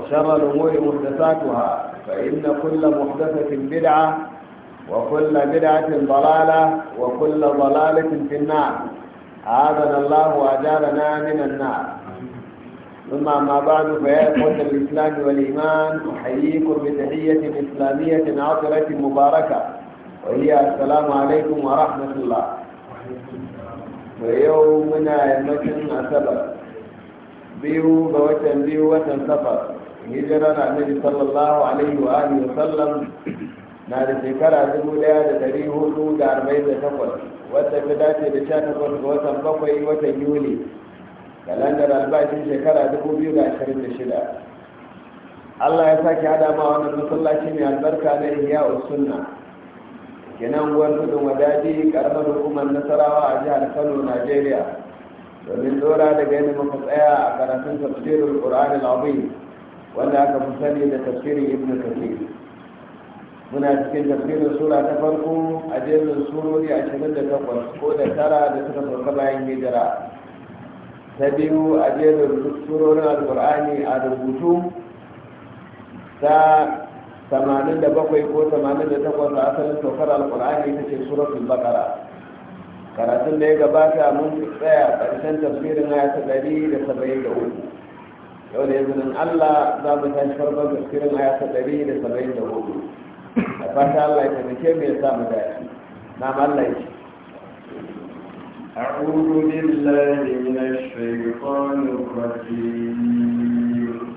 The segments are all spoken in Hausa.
وشر الأمور محدثاتها فإن كل محدثة بدعة وكل بدعة ضلالة وكل ضلالة في النار أعاذنا الله وأجارنا من النار ثم ما بعد فيا إخوة الإسلام والإيمان أحييكم بتحية إسلامية عطرة مباركة وهي السلام عليكم ورحمة الله ويومنا يمكن أسبب بيو بوتن بيو وتن سفر hijira na annabi sallallahu alaihi wa alihi wa sallam na da shekara dubu daya da dari hudu da arba'in da takwas wadda ta dace da sha takwas ga watan bakwai watan yuli kalandar albashin shekara dubu biyu da ashirin da shida allah ya sake hada ma wannan masallaci mai albarka na iya sunna kenan gwar tudun wadaji karamar hukumar nasarawa a jihar kano najeriya domin dora daga yadda muka tsaya a karatun tafsirin qur'anil azim wanda aka fi sani da tafsirin ibn kathir muna cikin tafsirin sura ta farko a jerin surori ashirin da takwas ko da tara da suka sauka bayan hijira ta biyu a jerin surorin alkur'ani a rubutu ta tamanin da bakwai ko tamanin da takwas a asalin saukar alkur'ani ta ce suratul bakara karatun da ya gabata mun tsaya ƙarshen tafsirin aya ta ɗari da saba'in da uku yau da izinin Allah za mu tashi farkon tafsirin aya ta ɗari da saba'in da hudu da fata Allah ya taimake mu ya sa mu dace na Allah ya أعوذ بالله من الشيطان الرجيم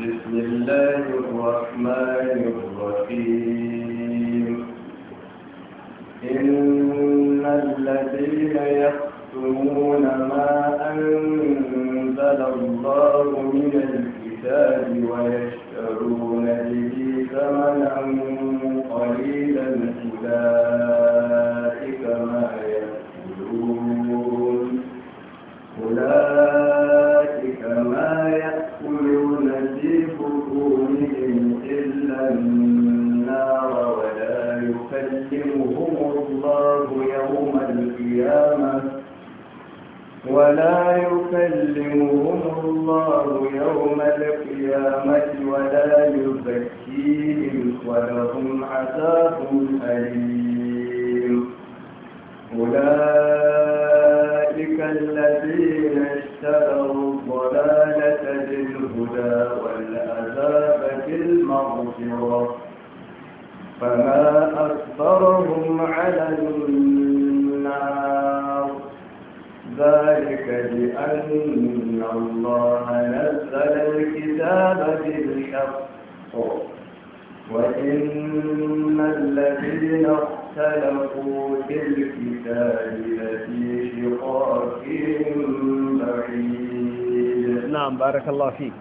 بسم الله الرحمن الرحيم إن الذين يخشون يكتمون ما أنزل الله من الكتاب ويشترون به ثمنا قليلا أولئك ما يأكلون أولئك ما يأكلون في بطونهم إلا النار ولا يكلمهم ولا يكلمهم الله يوم القيامة ولا يزكيهم ولهم عذاب أليم أولئك الذين اشتروا الضلالة بالهدى والعذاب بالمغفرة فما أكثرهم على النار ذلك بأن الله نزل الكتاب بالحق وإن الذين اختلفوا في الكتاب لفي شقاق بعيد نعم بارك الله فيك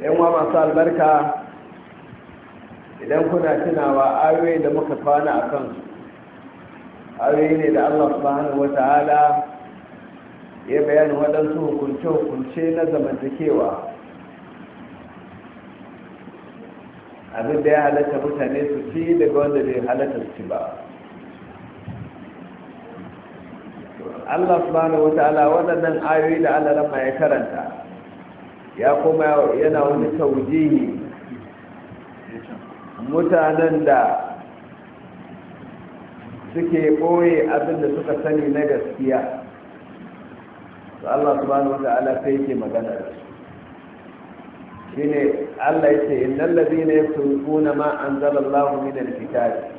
yan wa صار albarka إذا كنا tunawa وآوي da muka kwana aure ne da Allah subhanahu wata'ala ya bayani waɗansu hukunce-hukunce na zamantakewa abin da ya halatta mutane su ci daga wanda bai halatta su ci ba Allah subhanahu wata'ala waɗannan ayoyi da Allah lamma ya karanta ya kuma yana wani taujihi mutanen da suke ɓoye abin da suka sani na gaskiya su Allah subhanahu wa ta'ala sai yake magana da su shine Allah yace innal ladina yasrifuna ma anzalallahu min alkitab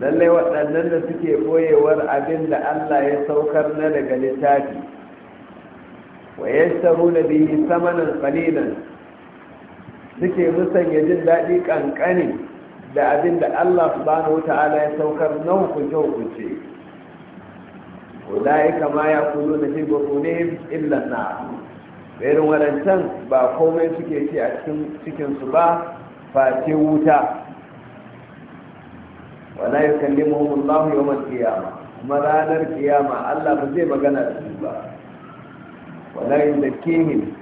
lalle waɗannan da suke boyewar abin da Allah ya saukar na daga littafi wa yashtaruna bihi samanan qalilan suke musanya jin daɗi kankani da abin da Allah subhanahu wata'ala ya saukar na hukunce ya ulaika ma yakulu na fi ne illa na Bayan waɗancan ba komai suke ci a cikin su ba face wuta wala yukallimuhum Allah yawm al-qiyamah kuma ranar kiyama Allah ba zai magana da su ba wala yuzakkihim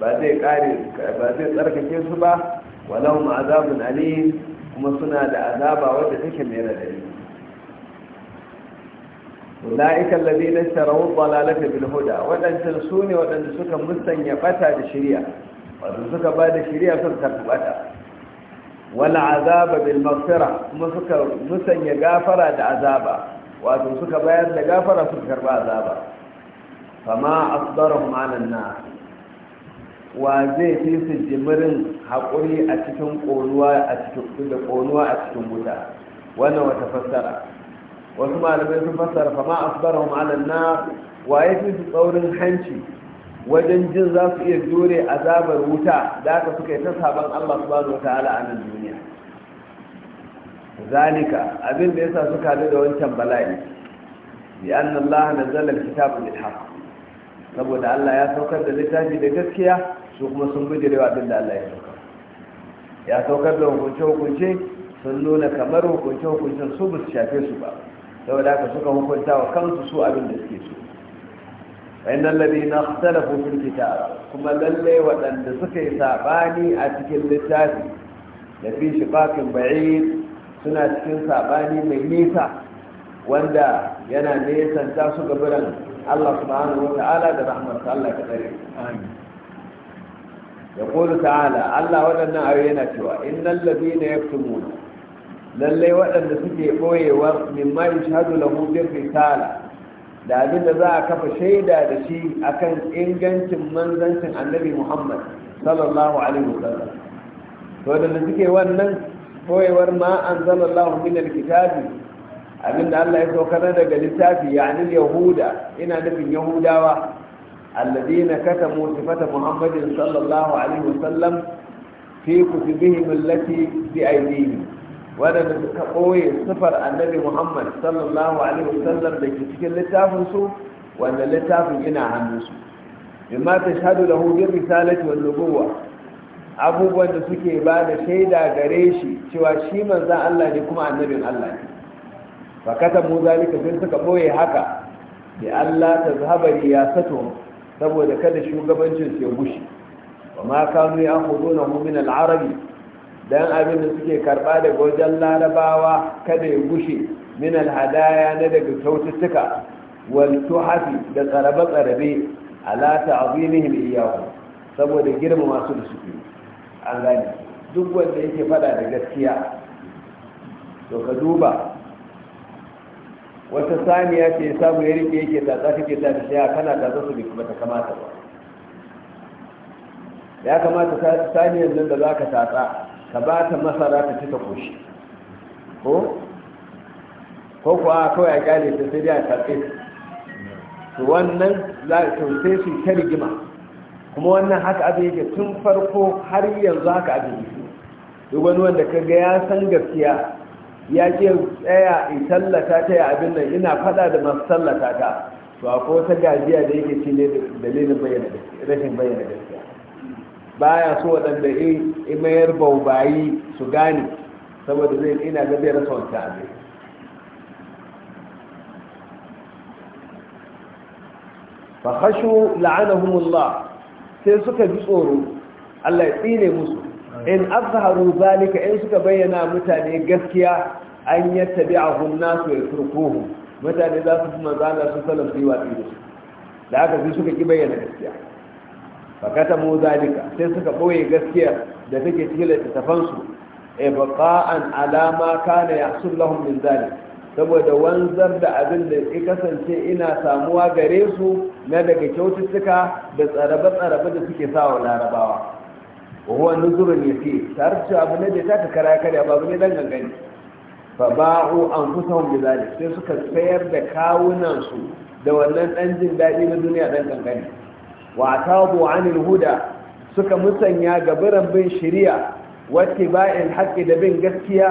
ba zai kare ba zai tsarkake su ba walahum azabun alim kuma suna da azaba wadda take mai radari ulaika alladhina ishtaraw dalalata bil huda wadannan sune wadanda suka musanya bata da shari'a wadanda suka ba da shari'a sun karɓi bata wal azaba bil maghfira kuma suka musanya gafara da azaba wato suka bayar da gafara sun karba azaba fama asdarahum ala an-nar wa zai fi su jimirin haƙuri a cikin ƙonuwa a cikin da ƙonuwa a cikin wuta wannan wata fassara wasu malamai sun fassara fa ma wa ala nar wa fi su tsaurin hanci wajen jin za su iya dore azabar wuta da aka suka yi ta saban Allah subhanahu wataala a nan duniya Zanika abin da yasa suka haɗu da wancan bala'i bi anna Allah nazzala al-kitaba bil saboda Allah ya saukar da littafi da gaskiya su kuma sun bi da abin da Allah ya sauka ya saukar da hukunce-hukunce sun nuna kamar hukunce-hukuncen su ba su shafe su ba saboda haka suka hukunta wa kansu su abin da suke so wayan allazi na ikhtalafu fil kitab kuma lalle waɗanda suka yi sabani a cikin littafi da fi shiqaqin ba'id suna cikin sabani mai nisa wanda yana nesan ta su gabaran Allah subhanahu wa ta'ala da rahmatar Allah amin ya ƙoru ta'ala allah waɗannan ayoyi yana cewa innan labina ya fi muna lallai waɗanda suke ɓoyewa min yi shahadu lahu da abinda za a kafa shaida da shi akan ingancin manzancin annabi muhammad sallallahu alaihi wasallam to da suke wannan koyewar ma an zama min alkitabi abinda Allah ya saukar daga littafi ya yahuda ina nufin yahudawa الذين كتموا صفة محمد صلى الله عليه suka ɓoye sifar annabi muhammad sallallahu ke cikin littafinsu wanda littafin ina hannunsu imma ta da hujjar risalati wa nubuwa abubuwan da suke ba da shaida gare shi cewa shi manzan allah ne kuma annabin allah ne fakata sun suka ɓoye haka da allah ta zahaba riyasatuhum saboda kada shugabancin su ya gushi wa ma kanu ya hudu na min al'arabi don abin da suke karba daga wajen larabawa kada ya gushe min alhadaya na daga kyaututtuka wal hafi da tsarabe tsarabe ala ta'zimihim iyyahu saboda girma masu da suke an gani. duk wanda yake fada da gaskiya to ka duba wata saniya ce samu ya rike yake tatsa take ta shaya kana tatsa su bai ta kamata ba ya kamata saniyar nan da zaka tatsa ka ba ta masara ta ci ta koshi ko ko kuwa kawai a kyale ta sai dai a tatse su wannan za su sai su ta rigima kuma wannan haka abin yake tun farko har yanzu haka abin yake duk wani wanda ka ga ya san gaskiya ya ce tsaya in tallata ta ya abin nan ina fada da masu tallata ta to a ta gajiya da yake ci ne dalilin bayyana rashin bayyana gaskiya baya so waɗanda in mayar baubayi su gane saboda zai ina ga zai rasa wancan fa khashu la'anahumullah sai suka ji tsoro Allah ya tsine musu in azharu zalika in suka bayyana mutane gaskiya an yattabi'ahum nasu yatrukuhu mutane za su kuma zana su salam su yi watsi da su da haka sai suka ki bayyana gaskiya fakata mu zalika sai suka ɓoye gaskiya da take cikin littattafan su e eh, an alama kana yahsul lahum min zalik saboda wanzar da abin da ya kasance ina samuwa gare su na daga kyaututtuka da tsarabe-tsarabe da suke sawa larabawa wa huwa nuzurun yasir tare da abu ne da ta ka kara kare ba abu ne dan gangani fa ba'u anfusahum bi zalik sai suka sayar da kawunan su da wannan dan jin dadi na duniya dan gangani wa tabu anil huda suka musanya ga biran bin shari'a wa tiba'il haqqi da bin gaskiya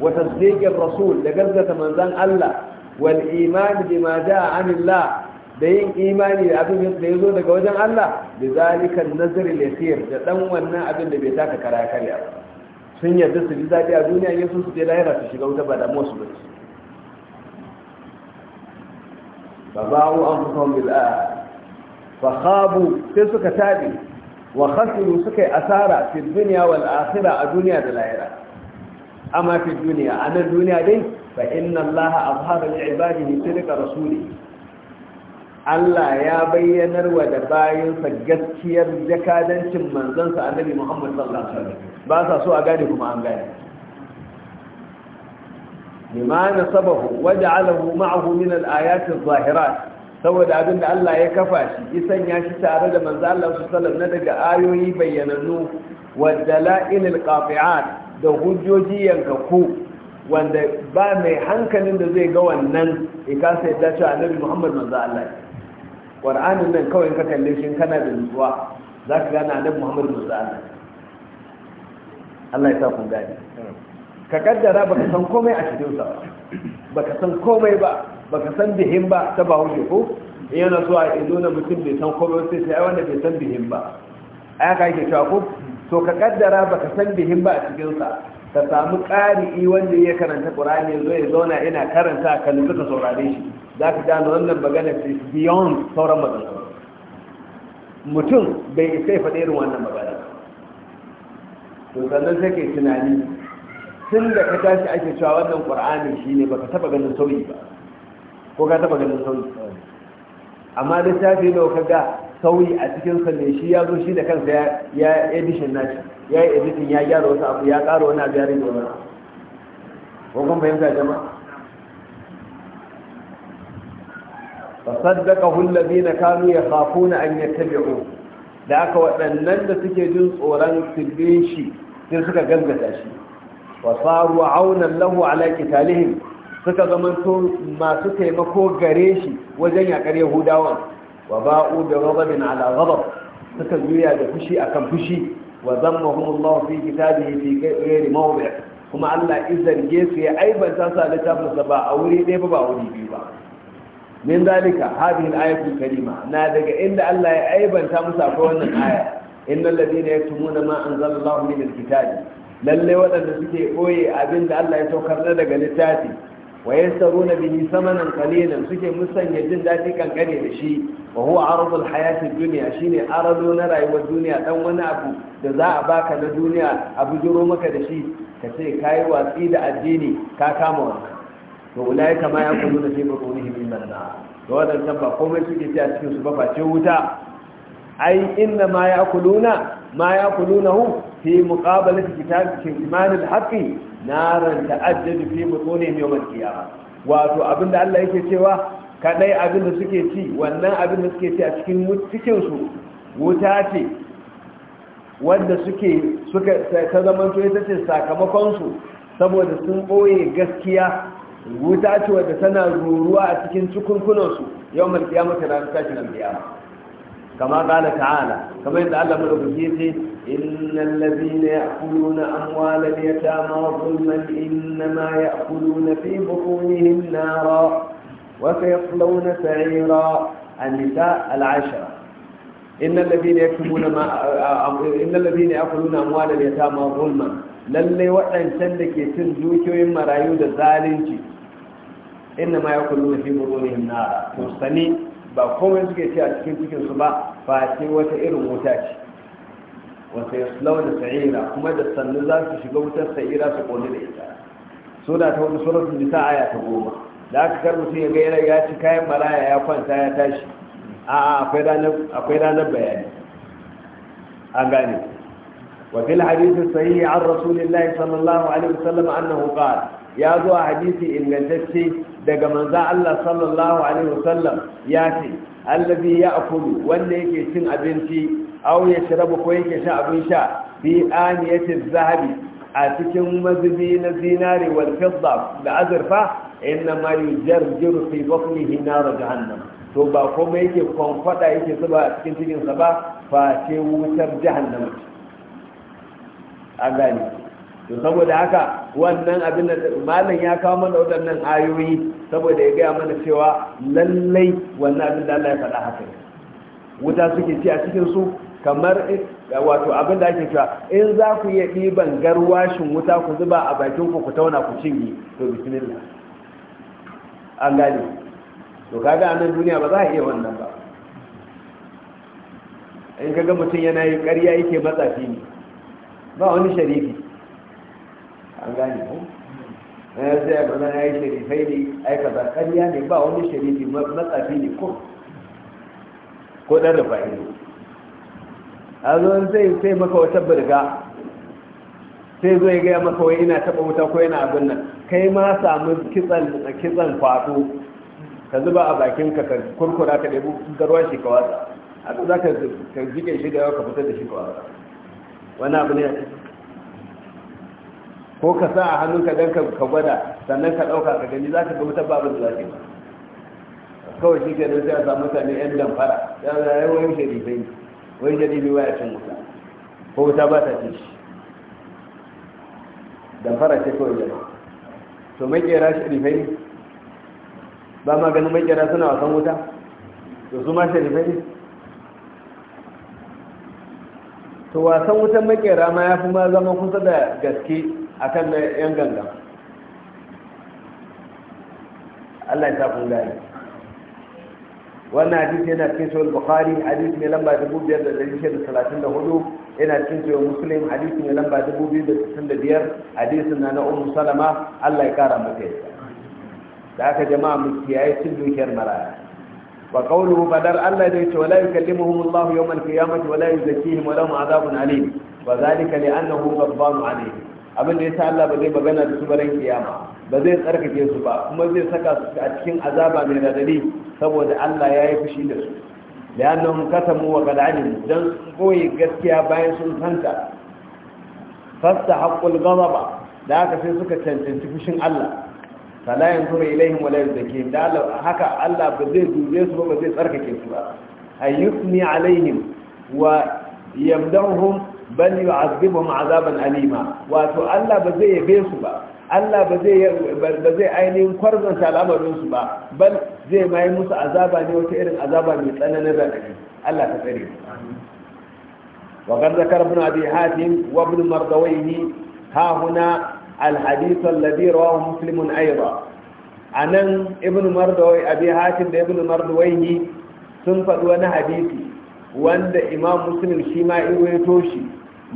wa tasdiqir rasul da gaskata manzon Allah wal iman bima ja'a anillah da yin imani da abin da ya zo daga wajen Allah da zalikan nazari lafiyar da dan wannan abin da bai taka kara karya ba sun yarda su bi zaɓi a duniya ya su je lahira su shiga wuta ba da su ba ba ba'u an fusan bil'a fa khabu sai suka tabi wa khasiru suka yi asara fi duniya wal akhira a duniya da lahira amma fi duniya a nan duniya dai fa inna allaha azhara li ibadihi sirqa rasulihi Allah ya bayyanar wa da bayansa gaskiyar jakadancin manzansa annabi Muhammad sallallahu alaihi wasallam ba sa so a gane kuma an gane lima nasabahu waja'alahu ma'ahu min al zahira, saboda abin da Allah ya kafa shi isan ya shi tare da manzo Allah sallallahu na daga ayoyi bayyanannu wa dalail al da hujjoji yankaku wanda ba mai hankalin da zai ga wannan ikasa yadda cewa annabi Muhammad manzo Allah ƙwar'anin nan kawai ka kalle shi kana da nutsuwa za ka gana nan muhammadu musa Allah Allah ya sa kun gani ka kaddara ba ka san komai a cikin sa ba ka san komai ba ba ka san bihin ba ta ba hujje ko in yana so a ido na mutum bai san komai sai sai wanda bai san bihin ba a yaka yake cewa ko to ka kaddara ba ka san bihin ba a cikin sa ka samu ƙari'i wanda ya karanta ƙur'ani ya zo ya zauna ina karanta ka nufi ka saurare shi za ka gano wannan magana ce beyond sauran magana mutum bai isa ya faɗi irin wannan magana to sannan sai kai tunani tun da ka tashi ake cewa wannan ne shine baka taɓa ganin sauyi ba ko ka taɓa ganin sauyi amma littafi da ka ga sauyi a cikin sa ne shi ya zo shi da kansa ya edition nashi ya yi editing ya gyara wasu abu ya ƙara wani abu ya rage wani abu ko kuma fahimta jama'a فصدقه الذين كانوا يخافون أن يتبعوه da aka waɗannan da suke jin tsoron sirbe shi sai suka gangata shi wa faru aunan lahu ala kitalihim suka zamanto masu taimako gare shi wajen yakar yahudawan wa ba'u da ghadabin ala ghadab suka juya da fushi akan fushi wa zammahum Allah fi kitabihi fi ghairi kuma Allah izarge su ya aibanta su a littafin sa ba a wuri ɗaya ba a wuri biyu ba min zalika hadhihi al-ayatu karima na daga inda Allah ya aibanta musu akwai wannan aya innal ladina yaktumuna ma anzala Allah min al-kitab lalle wadanda suke koye abin da Allah ya saukar na daga littafi wa yasaruna bihi samanan qalilan suke musanya jin dadi kankare da shi wa huwa aradul hayati dunya shine arado na rayuwar duniya dan wani abu da za a baka na duniya abu bujiro maka da shi ka ce kai watsi da addini ka kama wa. to ulai kama ya kullu da sai bako nihi min manna to wadannan ba komai suke ci a cikin su ba face wuta ai inna ma ya kuluna ma ya kulunahu fi muqabalati kitab kiman al-haqi naran ta'ajjadu fi butunihim yawm al-qiyamah wato abinda Allah yake cewa kadai abinda suke ci wannan abinda suke ci a cikin cikin su wuta ce wanda suke suka ta zamanto ita ce sakamakon su saboda sun boye gaskiya wuta ce wadda tana ruruwa a cikin cikunkunansu yau mai kiyamata ranar tashin alkiyama kama kala ta'ala Kama yadda Allah na madaukaki yace innal ladina ya'kuluna amwalal yatama zulman innama ya'kuluna fi butunihim nara wa sayaslawna sa'ira an-nisa al-ashra innal ladina yaktubuna ma innal ladina ya'kuluna amwalal yatama zulman Lallai waɗancan da ke cin dukiyoyin marayu da zalunci inna ma yakulu fi burunihim nara to sani ba komai suke ci a cikin cikin su ba ba sai wata irin wuta ce wata da sa'ira kuma da sannu za su shiga wutar sa'ira su kone da ita sura ta hudu suratul nisa aya ta goma da aka kar mutum ya gaira ya ci kayan maraya ya kwanta ya tashi a akwai ranar akwai ranar bayani an gane وفي الحديث الصحيح عن رسول الله صلى الله عليه وسلم أنه قال يا ذو حديثي إن جدتي daga manza Allah sallallahu alaihi wasallam ya ce ya ya'kulu wanda yake cin abinci aw yashrabu ko yake sha abin sha bi aniyatiz zahabi a cikin mazubi na zinare wal fidda da azurfa inna ma yujarjiru fi batnihi nar jahannam to ba kuma yake konkwada yake zuba a cikin cikinsa ba fa ce wutar jahannam a gani to saboda haka wannan abin da malam ya kawo mana waɗannan ayoyi saboda ya gaya mana cewa lallai wannan abin da Allah ya faɗa haka wuta suke ci a cikin su kamar eh, wato abin da ake cewa in za ku iya ɗiban garwashin wuta ku zuba a bakin ku ku tauna ku cinye to bismillah an gane to kaga a nan duniya ba za a iya wannan ba in kaga mutum yana yi ƙarya yake matsafi ne ba wani sharifi an gane ko ya zai ba ya yi sharifai ne aika kaza kariya ne ba wani sharifi matsafi ne ko ko da rufa ne a zo zai sai maka wata birga sai zo ya gaya maka wai ina taɓa wuta ko yana abin nan kai ma samu kitsan kitsan kwato ka zuba a bakin ka ka kurkura ka ɗebi garwa shi ka watsa haka za ka jike shi da yawa ka fitar da shi ka watsa wani abu ne a cikin ko ka sa a hannunka don ka gwada sannan ka ɗauka ka gani za ka ga wutar babin da za kawai shi ke sai a samu mutane yan damfara ya zai wayan sharifai wayan sharifai waya cin wuta ko wuta ba ta ci shi damfara ce kawai jama'a to makera sharifai ba ma ganin makera suna wasan wuta to su ma sharifai ne to wasan wutan makera ma ya fi ma zama kusa da gaske akan na yan gangan Allah ya sa kun gane wannan hadisi yana cikin sahih bukhari hadisi ne lamba 2634 yana cikin sahih muslim hadisi ne lamba 2065 hadisin na na ummu salama Allah ya kara mata yadda da aka jama'a mu kiyaye cin dukiyar maraya wa qawluhu badar Allah da yace wala yukallimuhum Allah yawm al-qiyamah wala yuzakkihim wa lahum adhabun alim wa dhalika li annahu ghadban alayhim abin da ya sa Allah ba zai magana da su baran kiyama ba zai tsarkake su ba kuma zai saka su a cikin azaba mai radadi saboda Allah ya yi fushi da su da annahum katamu wa qad alim dan koyi gaskiya bayan sun santa fasta gama ba, da haka sai suka cancanci fushin Allah fala yanzuru ilaihim wa la yuzakihim da haka Allah ba zai dube su ba ba zai tsarkake su ba ayyusni alaihim wa yamdahum bal yu'azzibuhum ma'azaban alima wato Allah ba zai yabe su ba Allah ba zai ainihin kwarzanta al'amarin su ba Ban zai mai musu azaba ne wata irin azaba mai tsananin radadi Allah ta tsare wa qad zakara ibn abi hatim wa ibn mardawayhi ha huna الحديث الذي رواه مسلم أيضا عن ابن مردوي أبي هاشم ابن sun faɗi wani hadisi. wanda imam muslim shi ma iwaito shi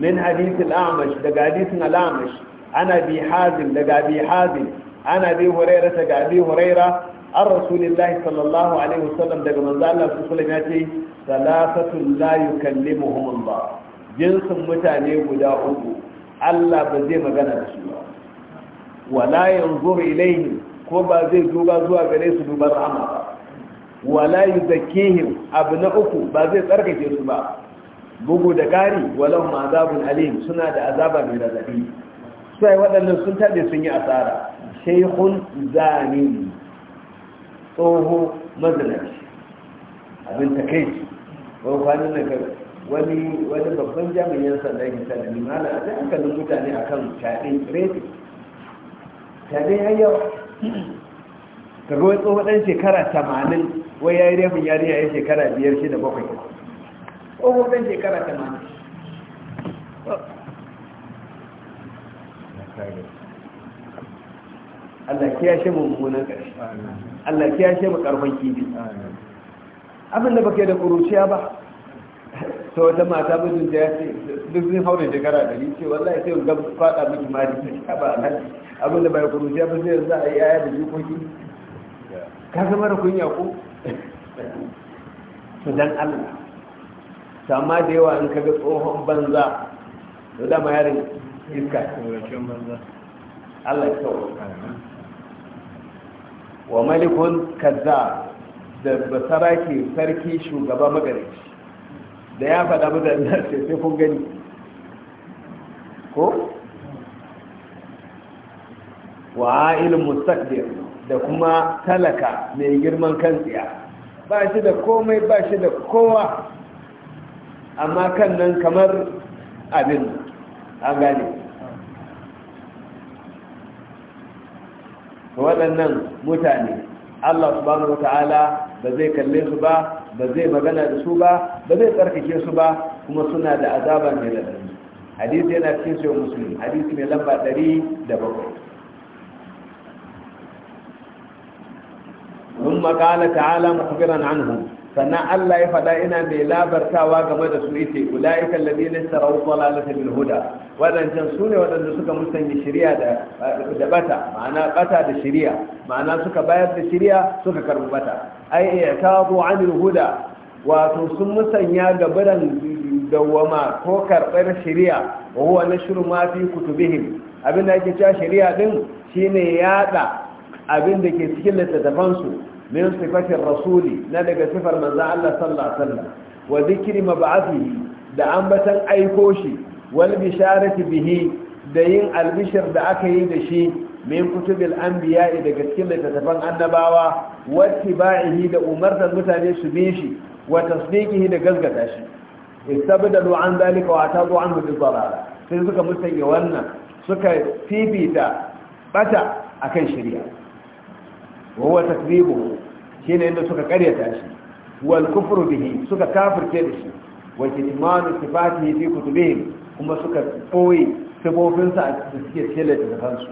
min hadith al-amash daga hadithin al-amash ana bi hazin daga bi hazin ana bi huraira daga bi huraira an rasulillahi sallallahu alaihi wasallam daga manzo Allah su sallam ya ce salasatul la yukallimuhum Allah jinsin mutane guda uku Allah ba zai magana da su ba wala yanzuru ilaihim ko ba zai duba zuwa gare su dubar Amma ba wala yuzakkihim abu na uku ba zai tsarkake su ba bugu da kari walau azabun alim suna da azaba mai Su sai waɗannan sun taɗe sun yi asara shaykhun zanin tsoho mazinaci abin takeici wani kwanan na wani wani babban jami'in sanda yake sanda ni mana a hankalin mutane kan shaɗin rete shaɗin Ka kaga wani tsohon ɗan shekara tamanin wai ya yi refin yari ya yi shekara biyar shi da bakwai ƙofofin shekara ta mani Allah kiya shi mu mummunan ƙarshe Allah kiya shi mu ƙarfin kibi abin da baka da ƙuruciya ba ta wata mata mijinta ya ce duk zai haure shekara ɗari ce wallahi sai ga faɗa miki mari ta shi ba nan abin da bai ƙuruciya ba sai za a yi yaya da jikoki ka zama da kunya ko su dan allah amma da yawa in kaga tsohon banza da dama yarin iska allah ya wa malikun kaza da basara ke sarki shugaba magarici da ya faɗa mutane sai kun gani ko wa ilin mustaqbir da kuma talaka mai girman kan tsiya ba shi da komai ba shi da kowa amma kan nan kamar abin an gane waɗannan mutane allah subhanahu wa ta'ala ba zai kalle su ba ba zai magana da su ba ba zai tsarkake su ba kuma suna da azaba mai ɗari hadisi yana cikin sayo musulmi hadisi mai lamba ɗari da bakwai. sun maƙala ta'ala mukhbiran anhu sannan Allah ya faɗa ina mai labartawa game da su ite ulaiikal ladina sarau dalalata bil huda wadancan su ne wadanda suka musanya shari'a da da bata ma'ana bata da shari'a ma'ana suka bayar da shari'a suka karbi bata ai ya i'tabu anil huda wato sun musanya gabaran dawwama ko karɓar shari'a wa huwa nashru ma fi kutubihim abin da ake cewa shari'a din shine yada abin da ke cikin littattafansu min sifatin rasuli na daga sifar manzan Allah sallallahu alaihi wasallam wa zikri mab'athihi da ambatan aiko shi wal bisharati bihi da yin albishir da aka yi da shi min kutubil anbiya daga cikin littattafan annabawa wa tiba'ihi da umartar mutane su bi shi wa tasdiqihi da gaskata shi istabdalu an zalika wa atadu an bi dalala sai suka musanya wannan suka fifita ɓata a akan shirya. wa takribu ne inda suka karyata shi wal kufru bihi suka kafirce da shi wa kitmanu sifatihi fi kutubihim kuma suka koyi sa a cikin suke cele da kansu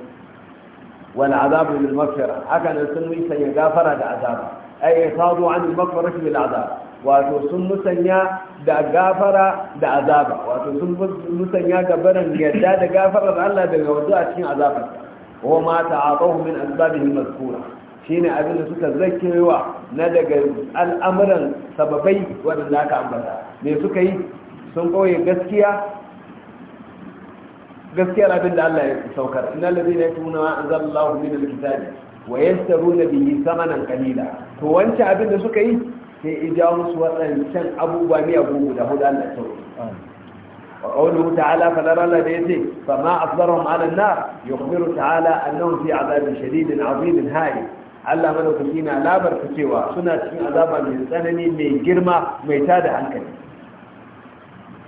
wal azabu lil maghfira haka nan sun yi sanya gafara da azaba ay ifadu an al maghfirati bil azab wato sun musanya da gafara da azaba wato sun musanya gabaran yadda da gafarar Allah daga wanzu a cikin azaba wa ma ta'atahu min asbabihi mazkura shine abin da suka zakewa na daga al'amuran sababai waɗanda aka ambata me suka yi sun ƙoye gaskiya gaskiyar abin da Allah ya saukar inna allazina yatuna ma anzalallahu min alkitabi wa yashtaruna bihi thamanan qalila to wance abin da suka yi sai ijawo musu waɗancan abubuwa ne abu da hudu Allah ya saukar وقوله تعالى فنرى الذي فما أصبرهم على النار يخبر تعالى أنهم في عذاب شديد عظيم هائل Allah madaukaki na labarta cewa suna cikin azaba mai tsanani mai girma mai tada hankali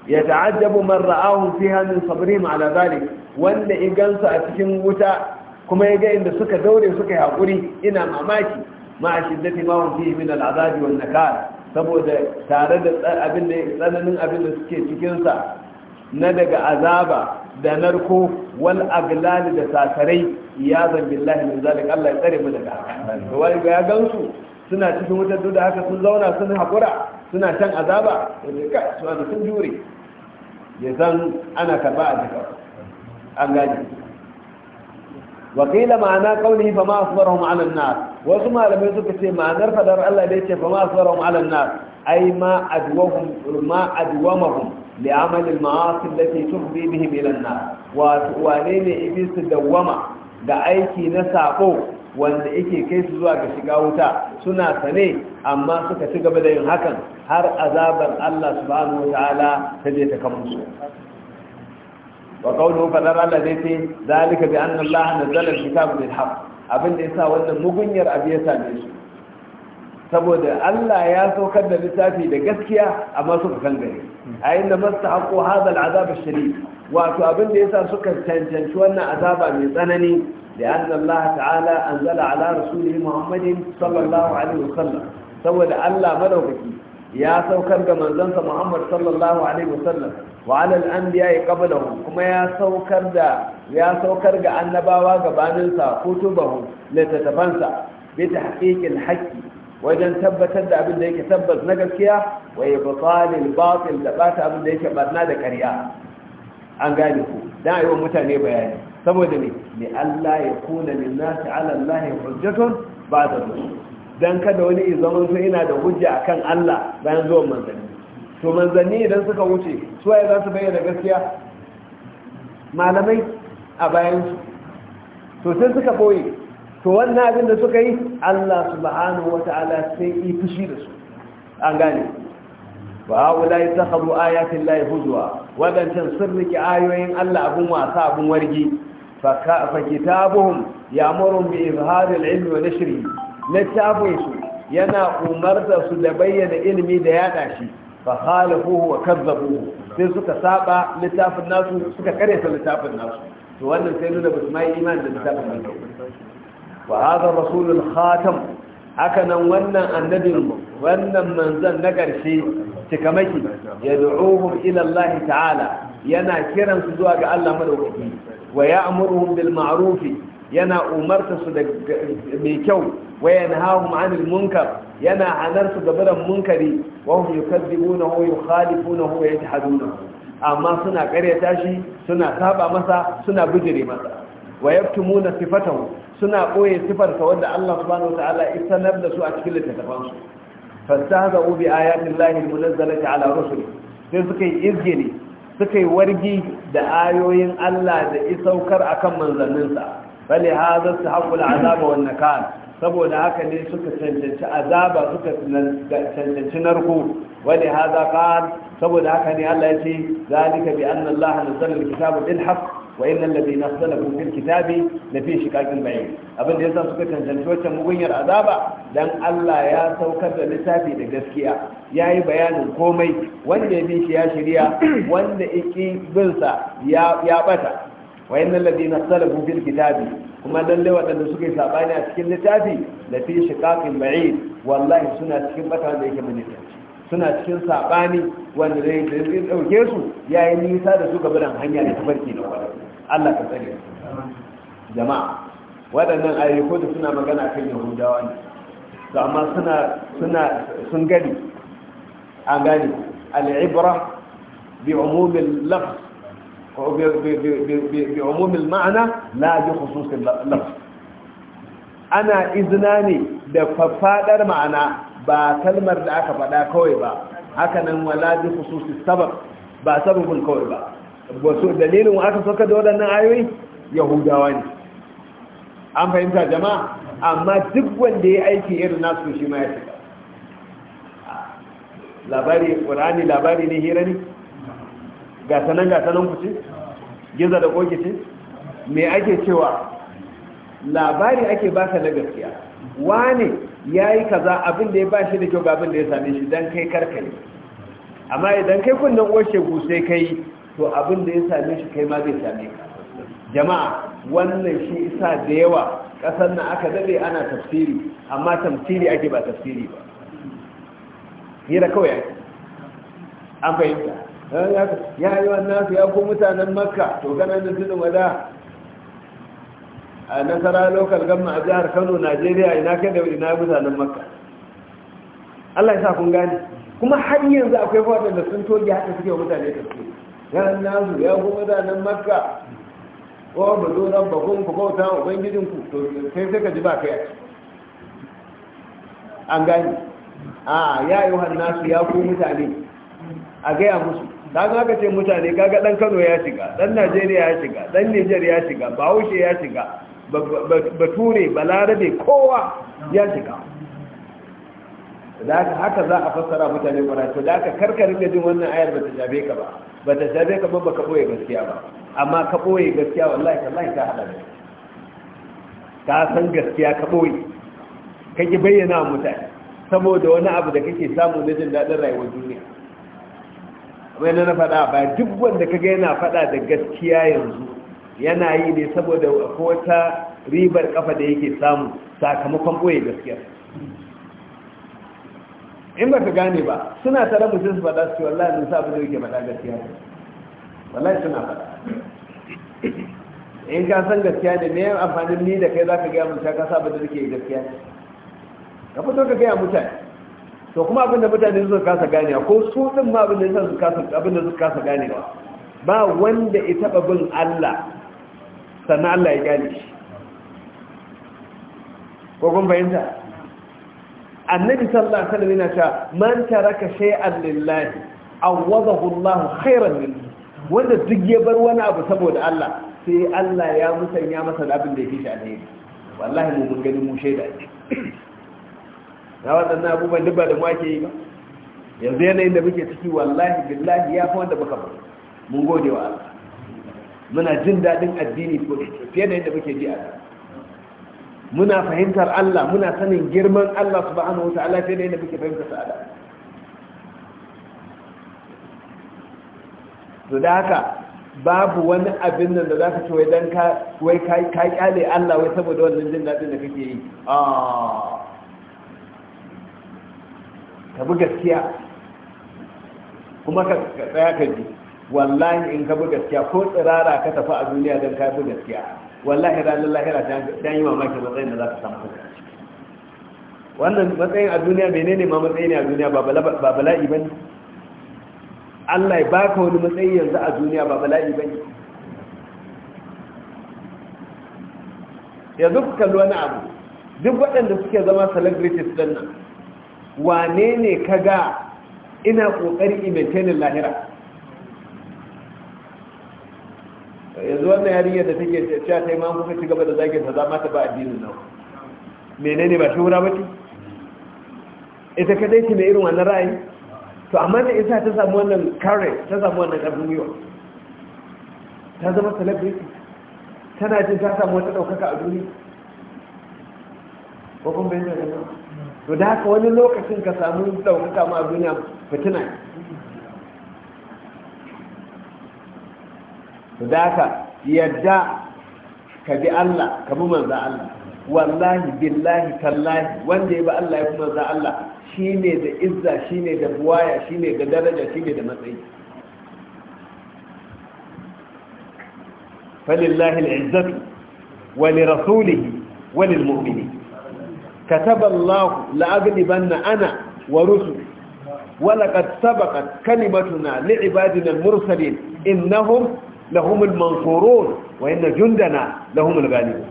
ya ta'ajjabu man ra'ahu fiha min sabrihim ala zalik wanda gansu a cikin wuta kuma ya ga inda suka daure suka yi hakuri ina mamaki ma shiddati ma hum fihi min al'azabi nakar saboda tare da abin da tsananin abin da suke cikin sa na daga azaba da narko wal aglal da sakarai ya zambi Lahi min zalik Allah ya tsare mu daga to wani ga ya gansu suna cikin wutar da haka sun zauna sun hakura suna can azaba to ne ka su da sun jure ya san ana karba a jika an gaji wa qila ma'ana qawlihi fa ma asbarahum 'ala an-nar wasu malamai suka ce ma'anar fadar Allah da yake fa ma asbarahum 'ala an-nar ai ma adwahum ma adwamahum لعمل المعاصي التي تفضي بهم إلى النار وأنين إبيس الدوامة da aiki na sako wanda yake kai su zuwa ga shiga wuta suna sane amma suka ci gaba da yin hakan har azabar Allah subhanahu wataala ta je ta kama su wa qawluhu fadar Allah zai ce zalika bi anna Allah nazzala al-kitaba bil haqq abin da yasa wannan mugunyar abiya same su saboda Allah ya saukar da littafi da gaskiya a masu kan gari a inda masu haƙo hazal azab shari wato abin da yasa suka cancanci wannan azaba mai tsanani da an Allah ta'ala anzala ala rasulihi Muhammadin sallallahu alaihi wasallam saboda Allah madaukaki ya saukar da manzansa Muhammad sallallahu alaihi wasallam wa ala al-anbiya qablahum kuma ya saukar da ya saukar ga annabawa gabaninsa kutubahum littattafansa bi tahqiqil haqqi wajen tabbatar da abin da yake tabbas na gaskiya wa ibtalil batil da bata abin da yake barna da ƙarya an gane ku dan ayi wa mutane bayani saboda ne li Allah ya kuna lin nas ala Allah hujjatun ba'da rusul dan kada wani ya zama to ina da hujja akan Allah bayan zuwan manzanni to manzanni idan suka wuce su waye za su bayyana gaskiya malamai a bayan su to sai suka boye to wannan abin da suka yi Allah subhanahu wata'ala sai yi fushi da su an gane wa haula yatakhabu ayatin lahi wadancan sun rike ayoyin Allah abun wasa abin wargi fa kitabuhum ya'muru bi izhari al-ilm wa nashri littafin su yana umarta su da bayyana ilimi da yada shi fa khalafuhu wa kadzabuhu sai suka saba littafin nasu suka kare littafin nasu to wannan sai nuna ba su mai imani da littafin nasu wa hadha rasulul khatam haka nan wannan annabin wannan manzon na ƙarshe cikamaki yad'uhum ila Allah ta'ala yana kiran su zuwa ga Allah madaukaki wa ya'muruhum bil ma'ruf yana umarta su da mai kyau wa yanhahum 'anil munkar yana hanar su gabaran munkari wa hum yukadzibunahu yukhalifunahu wa yajhadunahu amma suna karyata shi suna saba masa suna bijire masa wa yaktumuna sifatahu suna ɓoye sifarsa wanda Allah subhanahu wata'ala ya sanar da su a cikin littattafansu fastahza'u bi ayatin lahi munazzalati ala rusul sai suka yi izgili suka yi wargi da ayoyin Allah da isaukar akan manzanninsa bali hadha sahabul azaba wan nakal saboda haka ne suka cancanci azaba suka cancanci narko wani haza kan saboda haka ne Allah ya ce zalika bi anna Allah nazzala al-kitaba bil haqq وإن الذين اختلفوا في الكتاب لفي شقاق بعيد abin da yasa suka cancanci wacce mugunyar azaba dan Allah ya saukar da littafi da gaskiya yayi bayanin komai wanda ya bi shi ya shirya wanda iki bin sa ya ya bata wa innal ladina salafu fil kitabi kuma lalle wadanda suka yi sabani a cikin littafi la fi shiqaqin ba'id wallahi suna cikin bata da yake mun suna cikin saɓani wanda zai ɗauke su ya yi nisa da su gaban hanya da tabarki na wani Allah ka tsare jama'a waɗannan ayyuko da suna magana kan yahudawa ne to amma suna suna sun gani an gani al'ibra bi umumin lafz bi umumin ma'ana la bi khususin lafz ana izina ne da faɗaɗar ma'ana ba kalmar da aka faɗa kawai ba haka nan wala bi khususin sabab ba sababin kawai ba wato dalilin wa aka soka da waɗannan ayoyi yahudawa ne an fahimta jama'a amma duk wanda ya aiki irin nasu shi ma ya shiga labari ƙurani labari ne hira ne gasanan gasanan ku ce giza da ƙoƙi ce me ake cewa labari ake baka na gaskiya Wani ya yi kaza abin da ya ba shi da kyau ga abin da ya same shi don kai karkare amma idan kai kunnen washe gusai sai kai to abin da ya same shi kai ma zai same ka jama'a wannan shi isa da yawa ƙasar na aka daɗe ana tafsiri amma tafsiri ake ba tafsiri ba hira kawai ake an fahimta ya yi wannan nasu ya ku mutanen makka to ganin da tunin wada a nasara lokal gamma a jihar kano najeriya ina kai da ina mutanen makka allah ya sa kun gane kuma har yanzu akwai waɗanda sun toge haka suke wa mutane tafsiri yan nasu ya kuma mutanen makka ko ba zo ba kun ku bauta wa ku. to sai sai ka ji ba kai an gani a ya yi nasu ya ku mutane a gaya musu dan haka ce mutane kaga dan Kano ya shiga dan Najeriya ya shiga dan Niger ya shiga Bahaushe ya shiga Bature Balarabe kowa ya shiga da haka za a fassara mutane ƙwarai to da haka karkar da jin wannan ayar ba ta shafe ka ba ba ta shafe ka ba ba ka ɓoye gaskiya ba amma ka ɓoye gaskiya wallahi ta ka haɗa ka san gaskiya ka ɓoye ka ki bayyana wa mutane saboda wani abu da kake samu na jin daɗin rayuwar duniya kamar na faɗa ba duk wanda ka ga yana faɗa da gaskiya yanzu yana yi ne saboda akwai wata ribar kafa da yake samu sakamakon ɓoye gaskiya in ba ka gane ba suna tare mutum su faɗa su wallahi mun sa bude yake faɗa gaskiya ne wallahi suna faɗa in ka san gaskiya ne me amfanin ni da kai za ka gaya mun ka sa da yake gaskiya ne ka fito ka gaya mutane to kuma abin da mutane suka kasa ganewa ko su din ma abin da suka kasa abin da suka kasa ganewa ba wanda ya taba bin Allah sannan Allah ya gane shi ko kun fahimta annabi sallallahu alaihi wasallam yana cewa man taraka shay'an lillahi awadahu Allah khairan minhu wanda duk ya bar wani abu saboda Allah sai Allah ya musanya masa da abin da yake shi alheri wallahi mu mun gani mu shaida ne na waɗannan abubuwan duk ba da mu ake yi ba yanzu yanayin da muke ciki wallahi billahi ya fi wanda muka ba mun gode wa Allah muna jin daɗin addini ko fiye da yadda muke ji a da muna fahimtar Allah muna sanin girman Allah subhanahu wa ta'ala sai da yadda muke fahimtar sa to da haka babu wani abin nan da za ka ce wai dan ka wai ka kyale Allah wai saboda wannan jin daɗin da kake yi ah. ka bi gaskiya kuma ka tsaya ka ji wallahi in ka bi gaskiya ko tsirara ka tafi a duniya don ka bi gaskiya wallahi ranar lahira ta yi mamakin matsayin da za ta samu wannan matsayin a duniya nene ma matsayi ne a duniya ba bala'i ba ne allah ya baka wani matsayi yanzu a duniya ba bala'i ba ne yanzu ku kalli wani abu duk waɗanda suke zama celebrities ɗin nan wane ne ka ga ina ƙoƙari imantainin lahira yanzu wannan yarinyar da take cewa ta imam kuka ci gaba da zagin ta zama ta ba addinin nan menene ba shi ba bace ita kadai ce mai irin wannan ra'ayi to amma da isa ta samu wannan kare ta samu wannan karfin gwiwa ta zama celebrity tana jin ta samu wata ɗaukaka a duniya ko kuma bayan da to da haka wani lokacin ka samu daukaka ma a duniya fitina to da yadda ka bi Allah ka bi Allah wallahi billahi tallahi wanda ya bi Allah ya bi manzo Allah shine da izza shine da buwaya shine da daraja shine da matsayi فلله العزة ولرسوله وللمؤمنين كتب الله لأغلبن أنا ورسلي ولقد سبقت كلمتنا لعبادنا المرسلين إنهم lahumul mansurun wa inna jundana lahumul ghalibun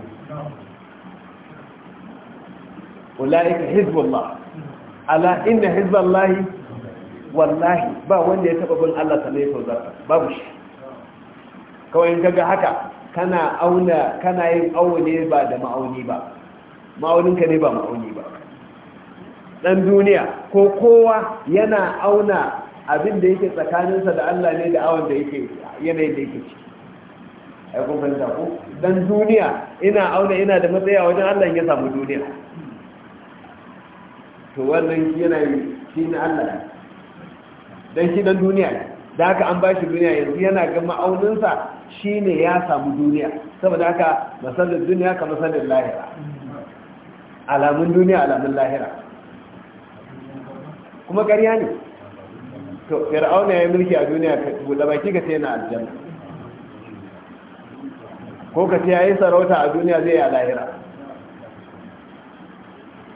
ulaika hizbullah ala inna hizballahi wallahi ba wanda ya taba bin Allah sanai sau zaka babu shi kawai in kaga haka kana yin awo ne ba da ma'auni ba ma'auninka ne ba ma'auni ba dan duniya ko kowa yana auna abin da yake tsakaninsa da Allah ne da awon da yake yanayin da yake ciki ai kun fahimta ko dan duniya ina auna ina da matsaya wajen Allah ya samu duniya to wannan yana shi na Allah dan shi dan duniya ne da haka an bashi duniya yanzu yana ga ma'auninsa shine ya samu duniya saboda haka masallin duniya ka masallin lahira alamun duniya alamun lahira kuma ƙarya ne to fir'auna ya yi mulki a duniya ka buɗe baki ka ce na aljanna ko ka ce ya yi sarauta a duniya zai yi a lahira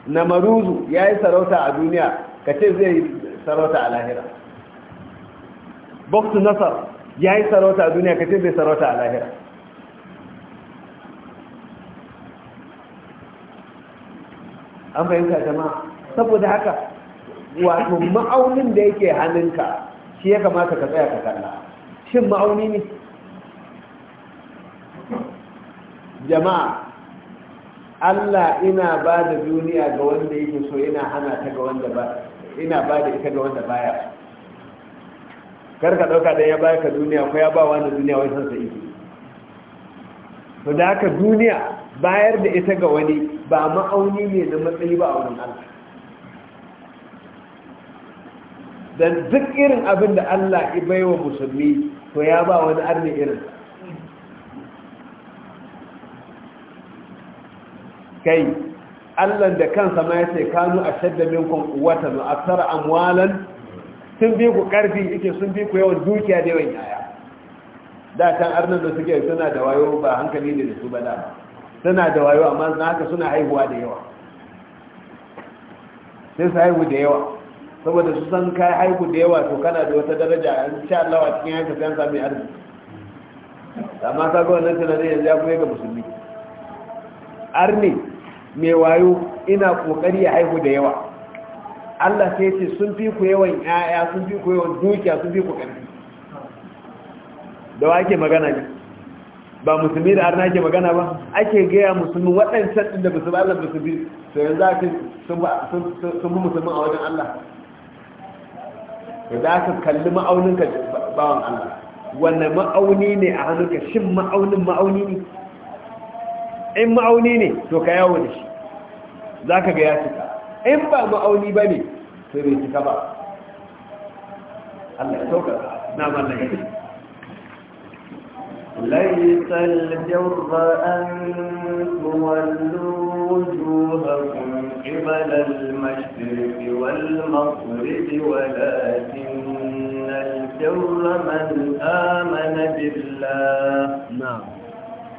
na maruzu ya yi sarauta a duniya ka ce zai yi sarauta a lahira boktu nasar ya yi sarauta a duniya ka ce zai sarauta a lahira an fahimta jama'a saboda haka wato ma'aunin da yake hannunka shi ya kamata ka tsaya ka kalla shin ma'auni ne jama'a Allah ina ba da duniya ga wanda yake so ina hana ta ga wanda ba ina ba da ita ga wanda baya kar ka dauka da ya baka duniya ko ya ba wanda duniya wai san sa to da haka duniya bayar da ita ga wani ba ma'auni ne na matsayi ba a wurin Allah dan duk irin abin da Allah ya baiwa musulmi to ya ba wani arni irin kai Allah da kansa ma yace kanu ashadda minkum watan wa aktsara amwalan sun bi ku karfi yake sun bi ku yawan dukiya da yawan yaya da kan arnan da suke suna da wayo ba hankali ne da su ba da suna da wayo amma haka suna haihuwa da yawa sai su haihu da yawa saboda su san kai haihu da yawa to kana da wata daraja in sha Allah a cikin haihu sai an sami arziki amma ka ga wannan sanadin yanzu ya kuma ga musulmi arni mai wayo ina kokari ya haihu da yawa Allah sai ce sun fi ku yawan ƴaƴa sun fi ku yawan dukiya sun fi ku ƙarfi da wa ake magana ne ba musulmi da arna ke magana ba ake gaya musulmi waɗancan da musulmi Allah musulmi to yanzu ake sun fi musulmi a wajen Allah to za ka kalli ma'auninka bawan Allah wanne ma'auni ne a hannunka shin ma'aunin ma'auni ne in ma'auni ne to ka yawo da shi za ka ga ya cika in ba ma'auni ba ne to bai cika ba Allah ya sauka na mallaka ليس الجر أن تولوا وجوهكم قبل المشرق والمغرب ولكن البر من آمن بالله نعم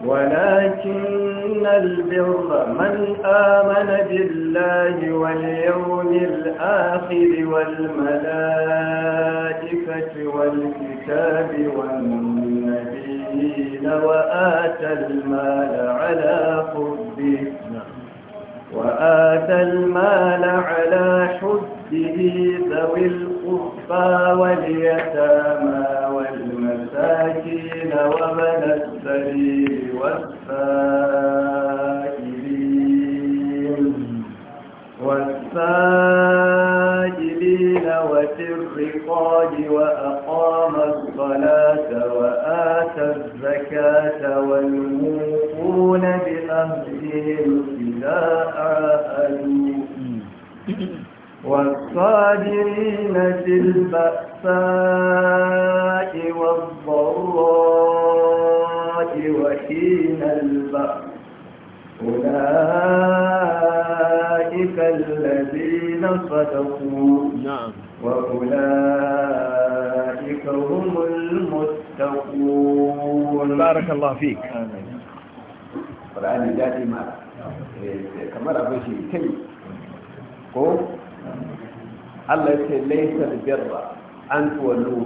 ولكن البر من آمن بالله واليوم الآخر والملائكة والكتاب والنبيين وآتى المال على قربه وآتى المال على حده ذوي القربى واليتامى والمساكين وابن السبيل والسائلين والسائلين وفي الرقاب وأقام الصلاة وآتى الزكاة والموقون بأهلهم إذا عاهدوا والصابرين في البأساء والضراء وحين البأس أولئك الذين صدقوا نعم وأولئك هم المتقون بارك الله فيك آمين قرآن ذاتي ما كما رأى شيء كي قول نعم. الله يقول ليس البر أن تولوه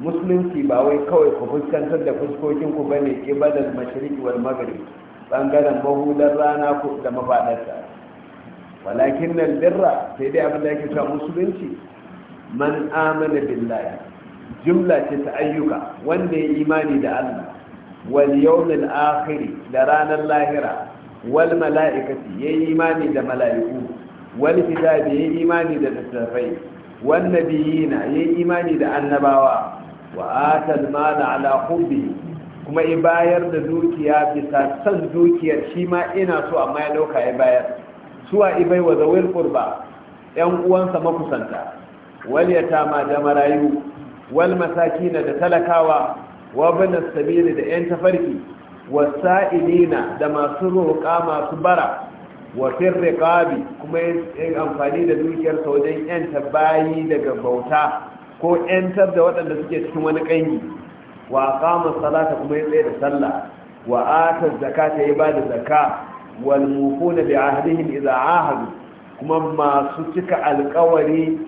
musulunci ba wai kawai ku fuskantar da fuskokin ku bane ibadar mashriqi wal maghrib bangaren mahudar rana ku da mafadarta walakin nan birra sai dai abin da yake cewa musulunci man amana billahi jumla ce ta ayyuka wanda ya imani da Allah wal yawmil akhir da ranar lahira wal mala'ikati yayi imani da mala'iku wal kitabi yayi imani da littafai wan nabiyina yayi imani da annabawa wa atal mala ala hubbi kuma i bayar da dukiya bisa san dukiyar shi ma ina so amma ya dauka ya bayar suwa i bai wa zawil qurba yan uwansa makusanta wal yatama da marayu wal masakina da talakawa wa bin as-sabil da yan tafarki wasa'ilina da masu roƙa masu bara wafin riƙabi kuma yin amfani da dukiyar dukiyarsa wajen yanta bayi daga bauta ko ‘yantar da waɗanda suke cikin wani ƙangi wa ƙamar salata kuma ya tsaye da sallah wa atar zaka ta yi ba da zaka wal muku na bi ahadihim idza ahadu kuma masu cika alƙawari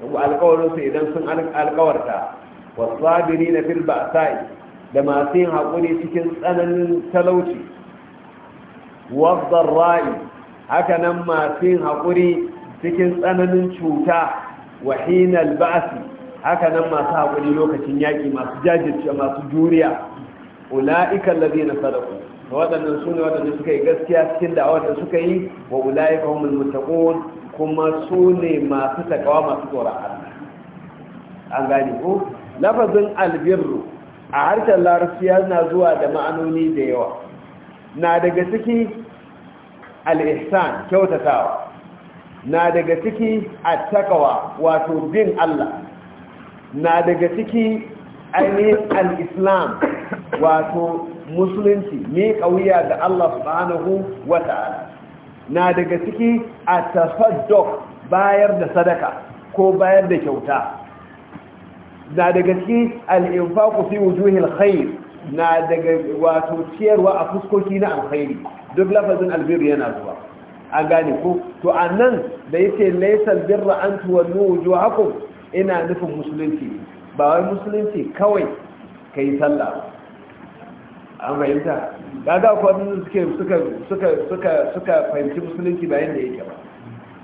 su idan sun alƙawarta wa sabiri na fil ba'sa'i da masu yin haƙuri cikin tsananin talauci wa dharra'i haka nan masu yin haƙuri cikin tsananin cuta wa hinal ba'si haka nan masu haƙuri lokacin yaƙi masu jajirce masu juriya ula'ikan lafi na sadaku da waɗannan su ne waɗanda suka yi gaskiya cikin da'awar da suka yi wa ula'ikan humul kuma su ne masu takawa masu tsoron Allah an gane ko lafazin albirru a harshen larabci na zuwa da ma'anoni da yawa na daga ciki al kyautatawa na daga ciki at-taqwa wato bin Allah na daga ciki ainihin al-islam wato musulunci ne kauya da Allah subhanahu wa ta'ala na daga ciki a tafaddok bayar da sadaka ko bayar da kyauta na daga ciki al fi wujuhin khair na daga wato ciyarwa a fuskoki na alkhairi duk lafazin albir yana zuwa an gane ku. to annan da yake laysal birra an tuwallu wujuhakum ina nufin musulunci ba wai musulunci kawai ka yi sallah an fahimta gaga kwanan suke suka fahimci musulunci bayan da yake ba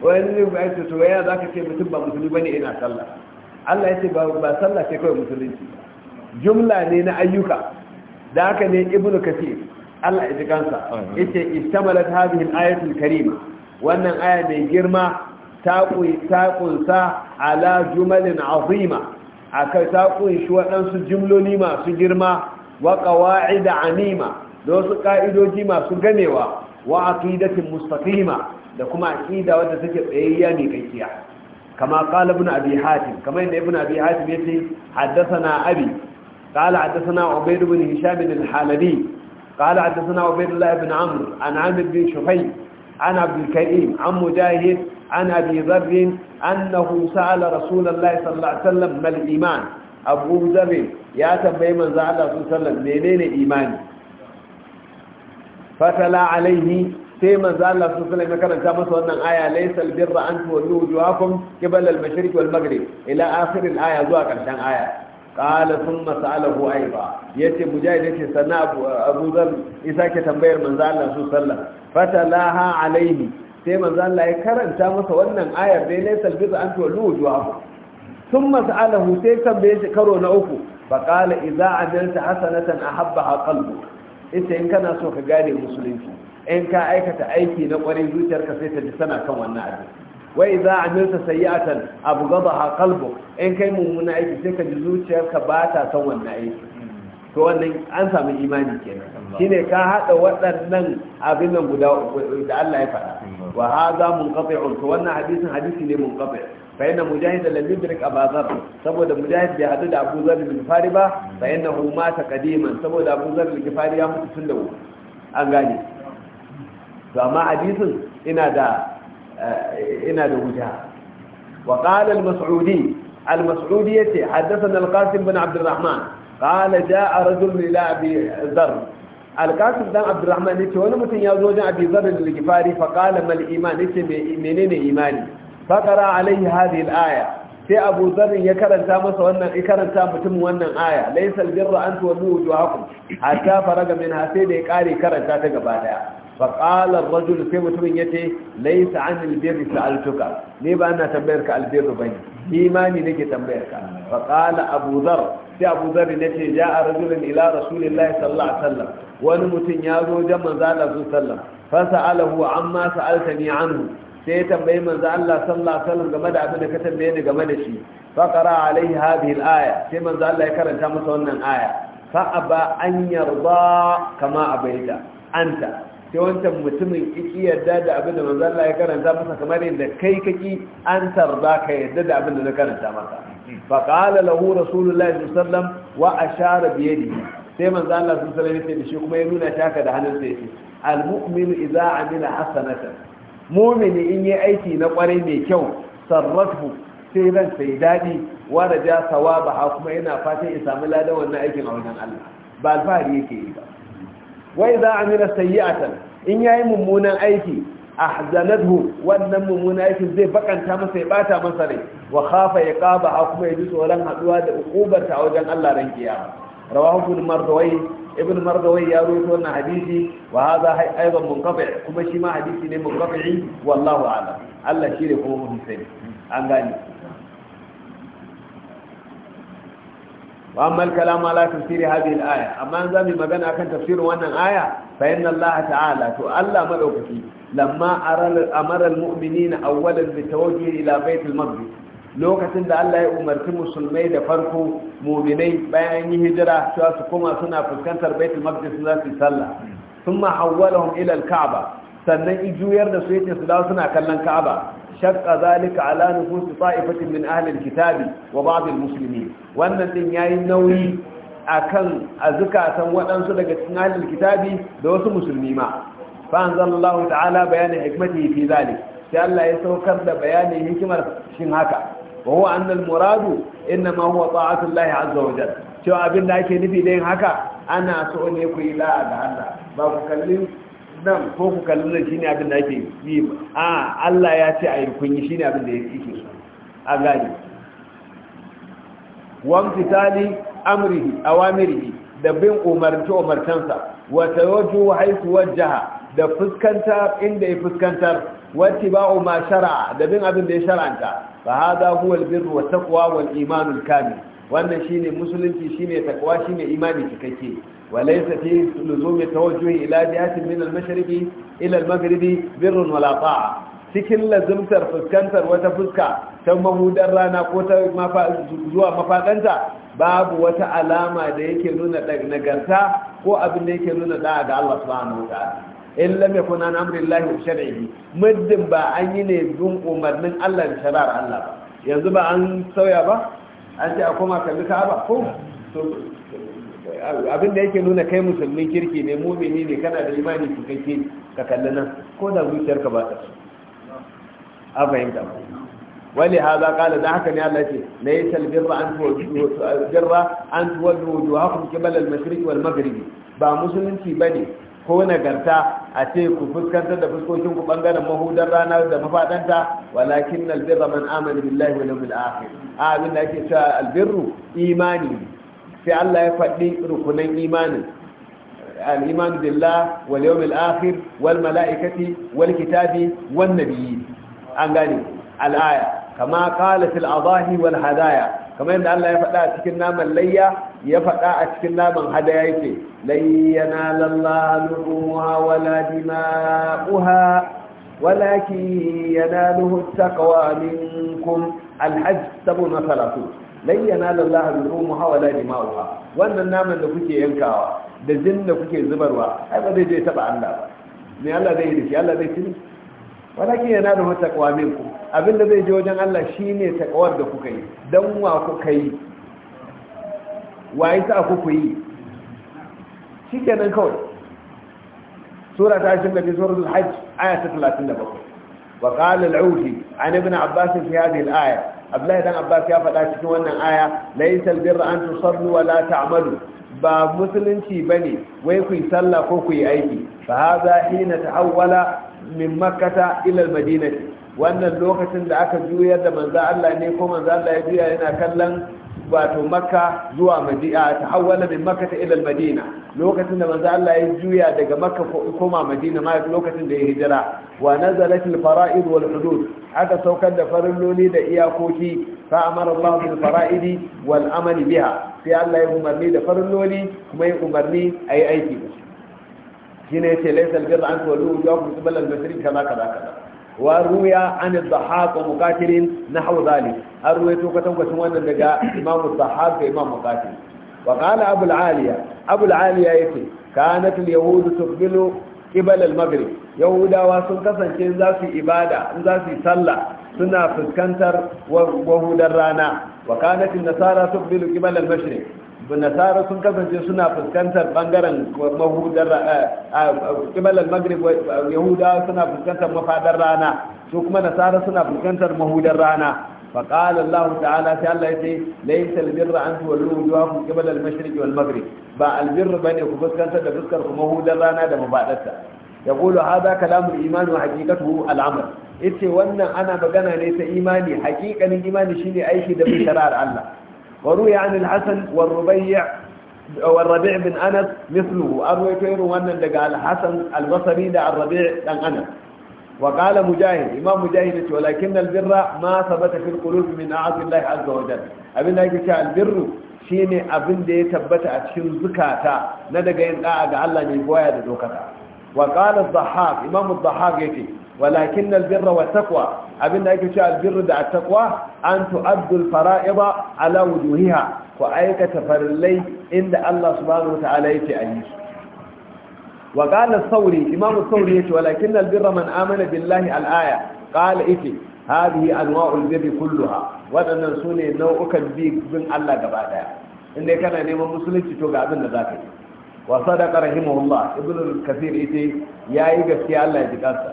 wani ne ba ce to ya za ka ce mutum ba musulmi ba ne ina sallah allah ya ce ba sallah ce kawai musulunci jumla ne na ayyuka da haka ne ibnu kasir allah ya ji kansa ya ce istamalat hadhihi ayatul karima wannan aya mai girma ta kunsa ala jumalin azima aka ta kunshi waɗansu jimloli masu girma wa ƙawa'ida anima da wasu ƙa'idoji masu ganewa wa aqidatin mustaqima da kuma aqida wadda take tsayayya ne kakkiya kama qala ibn abi hatim kama inda ibn abi hatim yace haddathana abi qala haddathana ubayd ibn hisham al-halabi qala haddathana ubayd ibn amr an amr bin shufay an abd al-karim an mujahid عن أبي ذر أنه سأل رسول الله صلى الله عليه وسلم ما الإيمان أبو ذر يا تبعي من زعل الله صلى الله عليه وسلم إيماني فتلا عليه sai manzo Allah sallallahu alaihi karanta masa wannan aya laysal birra an tuwallu wujuhakum qibala al-mashriq ila akhir aya zuwa karshen aya qala thumma sa'alahu ayda yace mujahid yace sana abu zar isa ke tambayar manzo Allah sallallahu fatalaha alaihi sai manzo Allah ya karanta masa wannan ayar dai ne salbiza an to lu juwa thumma sa'alahu sai tambaye shi karo na uku fa qala idza ajalta hasanatan ahabbaha qalbu ita in kana so ka gane musulunci in ka aikata aiki na kwarin zuciyarka sai ta ji sana kan wannan abu wai idza amilta sayi'atan abghadaha qalbu in kai mummuna aiki sai ka ji zuciyarka ba ta san wannan aiki to wannan an samu imani kenan shine ka hada waɗannan abin nan guda da Allah ya faɗa wa hadha munqati'un to wannan hadisin hadisi ne munqati' fa inna mujahid lam yudrik aba dhar saboda mujahid bai hadu da Abu Dharr bin Fari ba fa innahu mata qadiman saboda Abu Dharr bin Fari ya mutu tun da wuri an gane to amma hadisin ina da eh, ina da wuta wa qala al-mas'udi al-mas'udi yace haddathana al-qasim bin Rahman. qala jaa rajulun ila abi zar alqasim dan abdurrahman ce wani mutum ya zo wajen abi zar al-gifari fa qala mal iman ce menene imani fa qara alaihi hadhihi al-aya sai abu zarin ya karanta masa wannan ya karanta mutum wannan aya laisal birra an tuwallu wujuhakum hatta faraga minha sai da ya kare karanta ta gaba daya fa qala ar-rajul sai mutumin yace laysa anil birri sa'altuka ne ba ina tambayar ka albirru bane imani nake tambayar ka fa qala abu zar sai abu Zari na ce ja a rajulun ila rasulillahi sallallahu alaihi wasallam wani mutum ya zo wajen manzo Allah su sallam an sa'alahu amma sa'altani anhu sai ya tambayi Manza Allah sallallahu alaihi wasallam game da abin da ka tambaye ni game da shi fa qara alaihi hadhihi al-aya sai Manza Allah ya karanta masa wannan aya fa aba an yarda kama abaita anta sai wancan mutumin kiki yarda da abin da manzo Allah ya karanta masa kamar yadda kai kaki an tarda ka yarda da abin da na karanta masa فقال له رسول الله صلى الله عليه وسلم بيده sai manzo Allah sun sallallahu alaihi da shi kuma ya nuna taka da hannun sai al mu'minu idza amila hasanatan mu'mini in yi aiki na kwarai mai kyau sarrafu sai ran sai dadi wa raja sawaba kuma yana fatan ya samu ladan wannan aikin a wajen Allah ba alfahari yake yi ba wa idza amila sayyi'atan in yayi mummunan aiki ahzanathu wannan mummunan aikin zai bakanta masa ya bata masa rai wa khafa iqaba kuma ya ji tsoron haduwa da ukubar a wajen Allah ran kiyama rawahu ibn mardawai ibn mardawai ya rawaito wannan hadisi wa hadha aidan munqati kuma shi ma hadisi ne munqati wallahu a'lam Allah shi ne kuma mun sani an gani Wa واما ala على تفسير هذه الايه Amma ان زمي magana akan tafsirin wannan aya fa inna allaha ta'ala to Allah madaukaki lamma amara almu'minina awwalan bitawajjuh ila baitil maqdis lokacin da Allah ya umarci musulmai da farko muminai bayan yi hijira cewa su koma suna fuskantar baitul maqdis za su sallah thumma hawwalahum ila al-ka'ba sannan ijuyar da su yake su dawo suna kallon ka'aba shaqqa zalika ala nufusi ta'ifatin min ahli al-kitabi wa ba'd al-muslimin wannan din yayi nauyi akan azukatan waɗansu daga cikin ahli al-kitabi da wasu musulmi ma fa anzalallahu ta'ala bayana hikmatihi fi zalik sai Allah ya saukar da bayanin hikimar shin haka wa huwa annal muradu innama huwa ta'atullahi azza wa jalla cewa abin da ake nufi da yin haka ana so ne ku yi la'a da Allah ba ku kalli nan ko ku kalli nan shine abin da ake yi a Allah ya ce ayi kun yi shine abin da yake so a gani wa fitali amrihi awamirihi da bin umarci umartansa wa tawajju haythu wajjaha da fuskantar inda ya fuskantar wa tiba'u ma shara'a, da bin abin da ya shara'anta. fa hada huwa albirru wa taqwa wal imanul kamil wannan shine musulunci shine takwa shine imani cikakke walaysa fi luzumi tawajjuhi ila jihatin min al ila al birrun wala ta'a cikin lazumtar fuskantar wata fuska ta mahudar rana ko ta zuwa mafadanta babu wata alama da yake nuna nagarta ko abin da yake nuna da'a ga Allah subhanahu wa ta'ala in lam yakun an amri Allah wa shar'ihi muddin ba an yi ne dun umarnin Allah da shari'ar Allah ba yanzu ba an sauya ba an ce a koma kalli ka ba ko abin da yake nuna kai musulmin kirki ne mumini ne kana da imani cikakke ka kalli nan ko da ka ba ta a fahimta ba Wani wali haza kala da haka ne Allah ce Na yi birra an tuwallu birra an tuwallu wujuhakum qibala al-mashriq wal maghrib ba musulunci ba ne. ko nagarta a ce ku fuskantar da fuskokin ku bangaren mahudar rana da mafadanta walakin albirra man amana billahi wal yawmil akhir a abin da ake cewa albirru imani sai Allah ya faɗi rukunan imanin Al-Imana الإيمان بالله واليوم الآخر والملائكة والكتاب والنبيين أنقاني الآية كما قالت wal hadaya. kamar yadda Allah ya faɗa a cikin naman layya ya faɗa a cikin naman hada hadaya yake layyana lallahu luha wala dima'uha ولكن يناله التقوى منكم الحج سبعون ثلاثون لن ينال الله لحومها ولا دماؤها wannan naman da kuke yankawa da jin da kuke zubarwa ai ba zai je taba Allah ba me Allah zai yi da Allah zai tuni walakin yana da wata kwamin Abin da zai je wajen Allah shi ne takawar da kuka yi dan wa kuka yi wa yasa kuka yi nan kawai sura ta 20 suratul hajj aya ta 37 wa qala al-uti an abbas fi hadhihi al abdullahi dan abbas ya faɗa cikin wannan aya laysal birra an tusallu wa la ta'malu ba musulunci ba ne wai ku yi sallah ko ku yi aiki fa haza hina ta'awwala min makkata ilal madinati wannan lokacin da aka juyar da manza Allah ne ko manza Allah ya juya yana kallon wato makka zuwa madina tahawwala min makka ila madina lokacin da manza Allah ya juya daga makka koma madina ma lokacin da ya hijira wa nazalat al-fara'id wal hudud aka saukar da farin loli da iyakoki fa amara Allah bil fara'idi wal amali biha sai Allah ya umarni da farin loli kuma ya umarni ayi aiki da su shine yace laysal birra an tuwallu wujuhakum qibla al-mashriq kaza kaza kaza wa ruya an ad-dhahhak wa muqatilin nahwa dhalik an ruwaito ka tabbacin wannan daga imam ad-dhahhak da imam muqatil wa qala abu al-aliya abu al-aliya yace kanat al-yahud tuqbilu qibla al-maghrib yahudawa sun kasance za su ibada in za su sallah suna fuskantar wahudar rana wa kanatin nasara sun bilu kimalar mashirin nasara sun kasance suna fuskantar bangaren mahudar kimalar eh, magrib yahudawa suna fuskantar mafadar rana su kuma nasara suna fuskantar mahudar rana فقال الله تعالى تعالى يتي ليس البر أن تولوا وجوهكم قبل المشرق والمغرب با البر بني rana da كمهو درانا دمبادتا ya haza haɗa kalamun imanin haƙiƙatu al’amur ita wannan ana magana ne ta imani haƙiƙanin imani shi ne aiki da bin shara'ar Allah wa ruya an alhassan wa bin anas misluhu an ruwa ta irin wannan daga alhassan albasari da an rabi' anas wa ƙala mujahid imam mujahid ya ce walakin albirra ma sabata fil qulubi min a'azin lahi azza wa jal abin da yake cewa albirru shine abin da ya tabbata a cikin zukata na daga yin da'a ga Allah ne goya da dokata wa qala dhahab imam dhahab yake walakin albirra wa abinda yake cewa albirru da taqwa an tu'addu alfara'ida ala wujuhiha ku aikata farillai inda Allah subhanahu wa ta'ala yake ayi wa qala sauri imam sauri yake walakin albirra man amana billahi alaya qala ifi hadhihi anwa'ul birri kulluha wadannan sune nau'ukan bin Allah gaba daya inda kana neman musulunci to ga abinda da zaka yi wa sadaqa rahimahullah ibnu al-kathir ya yayi gaskiya Allah ya jikarsa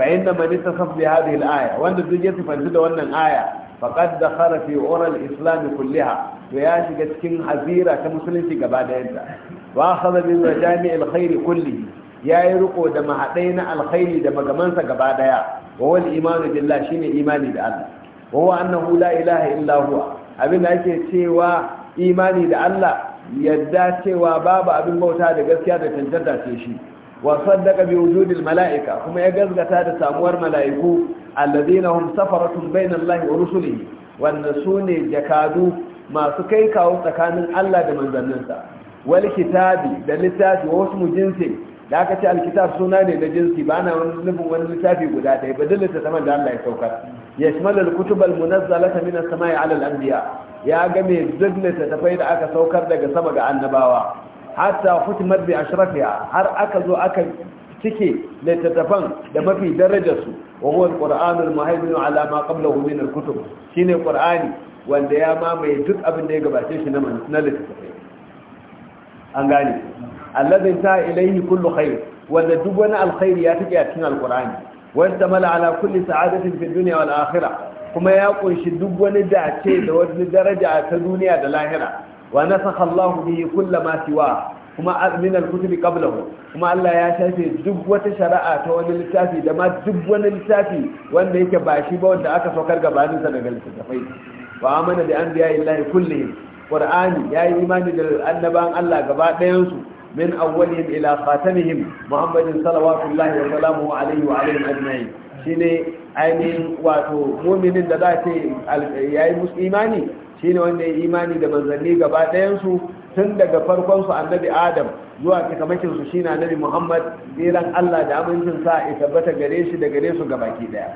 fa inna man ittasaf bi hadhihi al-aya wanda duk ya tafanci da wannan aya faqad dakhala fi Oral islam kullaha to ya shiga cikin hazira ta musulunci gaba dayanta wa akhadha bi majami' al-khair kullihi yayi riko da mahadai na alkhairi da magamansa gaba daya wa wal imanu billah shine imani da Allah wa huwa annahu la ilaha illa huwa abin da ake cewa imani da Allah yadda cewa babu abin bauta da gaskiya da da ce shi wa saddaka bi wujudil mala'ika kuma ya gazgata da samuwar mala'iku alladhina hum safaratun bayna Allahi wa rusulihi wanda sune jakadu masu kai kawo tsakanin Allah da manzanninsa wal kitabi da littafi wa wasu jinsi da aka ce alkitab suna ne na jinsi ba na wani nufin wani littafi guda ɗaya ba dillata saman da Allah ya saukar yashmalul kutubal munazzalata minas sama'i 'ala al-anbiya ya ga mai duk littattafai da aka saukar daga sama ga annabawa hatta futimat bi ashrafiha har aka zo aka cike littattafan da mafi darajarsu wa huwa al muhaymin ala ma qablahu min shine qur'ani wanda ya mamaye duk abin da ya gabace shi na na littattafai an gane alladhi ta ilayhi kullu khair wanda duk wani alkhairi ya take a cikin al-qur'ani wanda mala ala kulli sa'adatin fi dunya wal akhirah kuma ya kunshi duk wani dace da wani daraja ta duniya da lahira wa nasakha Allah bihi kulla ma siwa kuma min al-kutubi qablahu kuma Allah ya shafe duk wata shari'a ta wani littafi da ma duk wani littafi wanda yake ba shi ba wanda aka saukar gabanin sa daga littafai wa amana bi anbiya'i Allah kullihim qur'ani yayi imani da annaban Allah gaba ɗayan su min awwalihim ila khatamihim muhammadin sallallahu wa sallam wa shine ainihin wato muminin da za ta yayi musu imani shine wanda ya imani da manzanni gaba ɗayansu tun daga farkon su annabi adam zuwa cikamakin su shine annabi muhammad tsiran allah da amincin sa ya tabbata gare shi da gare su gabaki ɗaya.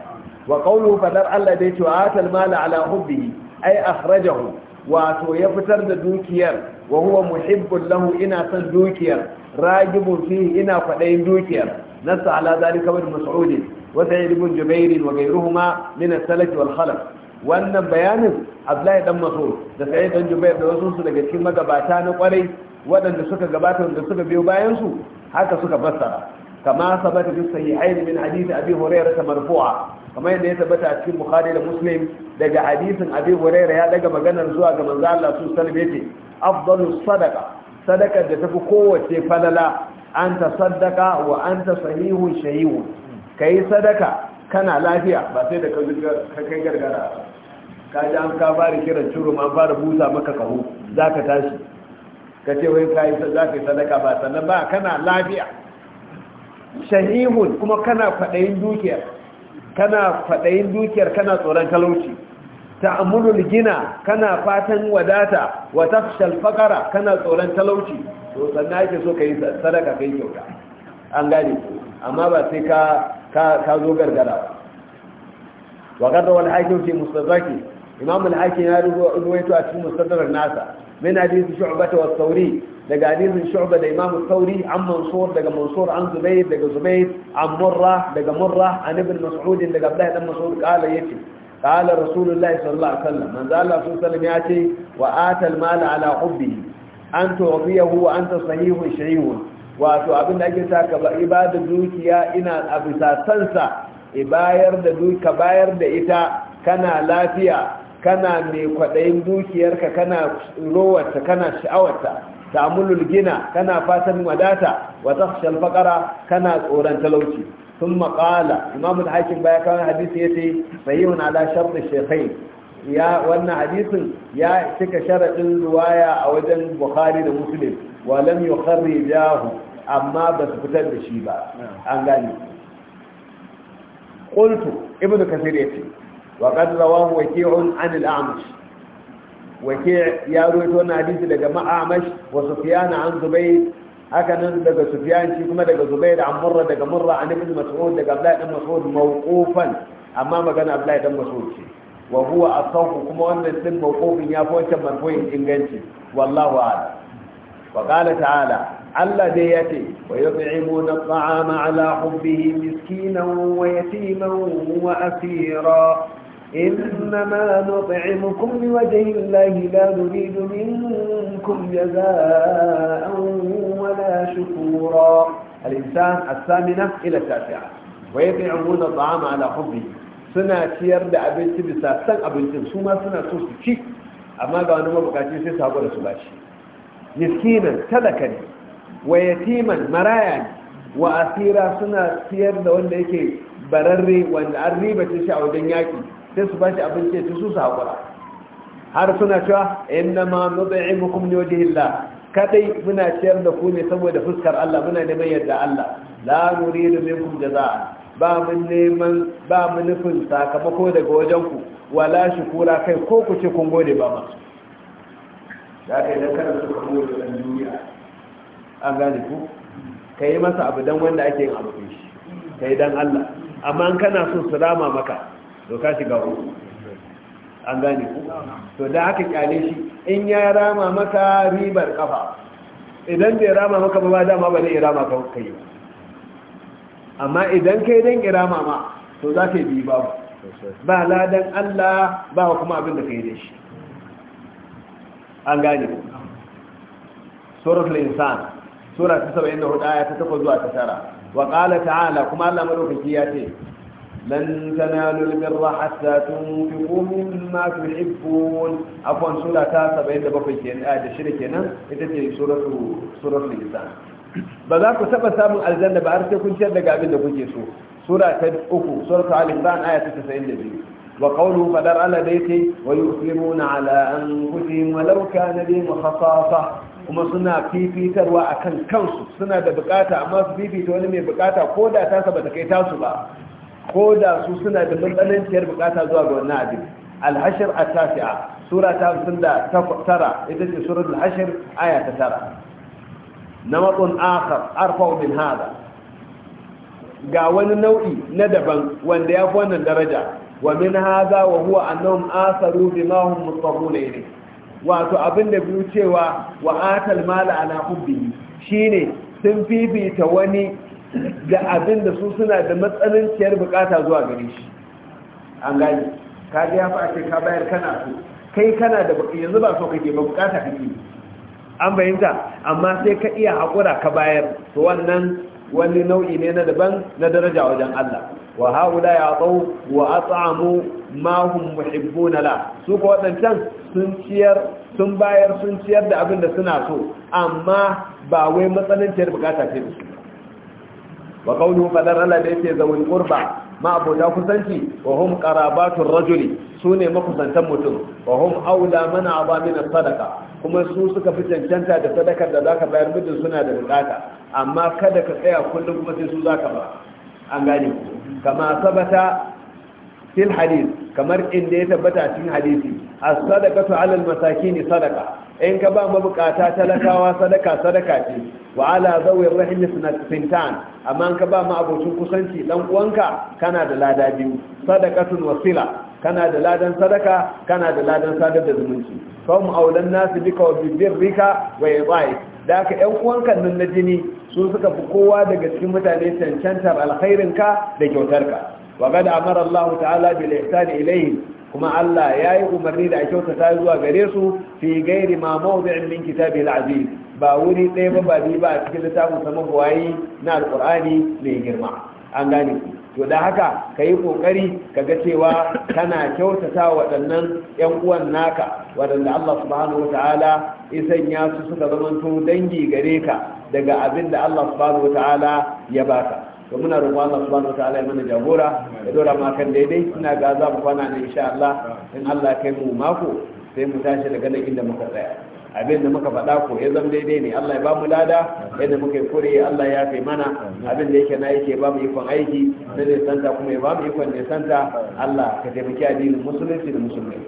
wa qawlu fadar allah da ce wa atal mala ala hubbihi ay akhrajahu wato ya fitar da dukiyar wa huwa muhibbun lahu ina son dukiyar ragibun ina kwaɗayin dukiyar nasa ala zalika bin mas'udin وسعيد بن جبير وغيرهما من السلف والخلف wannan bayanin Abdullahi dan Mas'ud da Sa'id dan Jubair da wasu su daga cikin magabata na kwarai waɗanda suka gabata da suka biyo bayan su haka suka fassara kama sabata fi sahihain min hadith Abi Hurairah marfu'a kama yadda ya tabbata a cikin Bukhari da Muslim daga hadisin Abi Hurairah ya daga maganar zuwa ga manzo Allah su sallallahu afdalu sadaqa sadaka da tafi kowace falala anta tasaddaqa wa anta sahihun shahihun ka yi sadaka kana lafiya ba sai da kai gargara ka ji an ka fara kiran curum an fara busa maka kaho za ka tashi ka ce wai ka yi za ka yi sadaka ba sannan ba kana lafiya shahihun kuma kana kwaɗayin dukiyar kana kwaɗayin dukiyar kana tsoron talauci ta'amulul gina kana fatan wadata wa tafshal faqara kana tsoron talauci to sannan ake so yi sadaka kai kyauta an gane amma ba sai ka ka zo gargara wa garda wani hakim fi mustadrak imam al-hakim ya ruwaito a cikin mustadrak nasa min hadith shu'bah wa sauri daga hadisin shu'ba da imam sauri an mansur daga mansur an zubayr daga zubayr an murra daga murra an ibn mas'ud daga abdullahi dan mas'ud qala yace قال رسول الله صلى الله عليه وسلم من ذا الله صلى الله عليه وسلم يأتي وآتى المال على حبه أن تعطيه wato abin da ake saka ka ibada dukiya ina a bisa sansa bayar da duka bayar da ita kana lafiya kana mai kwaɗayin dukiyarka kana rowarta kana sha'awarta ta'amulul gina kana fatan wadata wa takhshal faqara kana tsoron talauci thumma qala imam al-hakim baya kan hadisi yace sahihun ala shart shaykhain ya wannan hadisin ya cika sharadin riwaya a wajen bukhari da muslim walam yukharrijahu amma ba su fitar da shi ba an gane qultu ibnu kasir yace wa qad rawahu waki'un an al-a'mash wake ya rawaito wannan hadisi daga ma'amash wa sufyan an zubayr haka nan daga sufyan shi kuma daga zubayr an murra daga murra an ibn mas'ud daga abdullahi dan mas'ud mawqufan amma magana abdullahi dan mas'ud ce wa huwa asahu kuma wannan din mawqufin ya fi wancan marfu'in inganci wallahu a'lam وقال تعالى الذي ديتي ويطعمون الطعام على حبه مسكينا ويتيما وأسيرا إنما نطعمكم لوجه الله لا نريد منكم جزاء ولا شكورا الإنسان الثامنة إلى التاسعة ويطعمون الطعام على حبه سنة ciyar أبنتي abinci أبنتي بسوما سنة سوسي ma أما so su ci amma ga miskinan talaka ne wa yatiman maraya ne wa asira suna siyar da wanda yake bararre wanda an riba ribace shi a wajen yaki, sai su ba abinci ya su haƙura har suna cewa inna ma nut'imukum li wajhillah kadai muna ciyar da ku ne saboda fuskar Allah muna neman yadda Allah la nuridu minkum jazaa ba mun neman ba mu nufin sakamako daga wajen ku wala shukura kai ko ku ce kun gode ba ma da aka yi don kada su kamo da ɗan duniya an gane ku ka yi masa abu don wanda ake yin abu shi ka yi don allah amma an kana so su rama maka to ka shiga ku an gane ku to da aka kyale shi in ya rama maka ribar kafa idan bai rama maka ba dama ba zai rama ka kai amma idan kai dan irama ma to za ka yi babu ba ladan allah ba kuma abin da ka yi da shi an gane suratul insan sura ta 74 aya ta 8 zuwa ta 9 wa qala ta'ala kuma Allah madaukaki ya ce lan tanalu albirra hatta tunfiqu mimma tuhibbun afwan sura ta 77 kenan aya da 6 kenan ita ce suratul suratul insan ba za ku taba samun aljanna ba har sai kun ciyar da gabin da kuke so sura ta 3 suratul al insan aya ta 92 وقوله فدر على بيتي ويؤثرون على أنفسهم ولو كان بهم خصاصة kuma suna fifitarwa a kan kansu suna da bukata amma su fifita wani mai bukata ko da ba ta da su suna da matsananciyar bukata zuwa ga wannan abin alhashir a tafiya sura da tara ita ce aya ta tara na ga wani nau'i na daban wanda ya fi wannan daraja wa min hadha wa huwa annahum asaru bima hum mutarruna ilayhi wato abin da biyu cewa wa atal mala ala hubbi shine sun fifita wani ga abin da su suna da matsananciyar bukata zuwa gare shi an gani ka ga ya fa ka bayar kana so kai kana da yanzu ba so kake ba bukata kake an bayyanta amma sai ka iya haƙura ka bayar to wannan wani nau'i ne na daban na daraja wajen Allah wa haula ya tsau wa at'amu ma hum muhibbuna la su ko wadancan sun ciyar sun bayar sun ciyar da abin da suna so amma ba wai ciyar bukata ce da su wa qawluhu qadar Allah da yake zawul qurba ma abota kusanci wa hum qarabatur rajuli sune makusantan mutum wa hum aula man aba min sadaqa kuma su suka fi cancanta da sadakar da zaka bayar mutum suna da bukata amma kada ka tsaya kullum kuma sai su zaka ba an gane kama sabata fil hadith kamar inda ya tabbata cikin hadisi as-sadaqatu 'ala al-masakin sadaqa in ka ba mabukata talakawa sadaka sadaka ce wa ala zawi rahimi sintan amma ka ba ma abocin kusanci dan uwanka kana da lada biyu sadaqatun wasila kana da ladan sadaka kana da ladan sadar da zumunci kawun aulan nasu bika wa bibir rika wa ya da aka yan uwankan nan na jini sun suka fi kowa daga cikin mutane cancantar alkhairinka da kyautarka wa gada amara Allah ta'ala bil ihsani ilayhi kuma Allah ya yi umarni da a kyautata zuwa gare su fi gairi ma mawdi'in min kitabil aziz ba wuri ɗaya ba ba biyu ba a cikin littafin sama buwayi na Alƙur'ani mai girma an gane ku to da haka ka yi ƙoƙari ka ga cewa kana kyautata waɗannan 'yan uwan naka waɗanda Allah subhanahu ta'ala isan ya su suka zamanto dangi gare ka daga abin da Allah subhanahu ta'ala ya baka to muna roƙo Allah subhanahu ta'ala ya mana jagora ya dora ma daidai ina ga za mu kwana ne insha Allah in Allah kai mu mako sai mu tashi daga nan inda muka tsaya abin da muka faɗa ko ya zama daidai ne Allah ya ba mu lada yadda muka yi kure Allah ya fi mana abin da yake na yake ba mu ikon aiki na nisanta kuma ya ba mu ikon nisanta Allah ka taimaki addinin musulunci da musulmai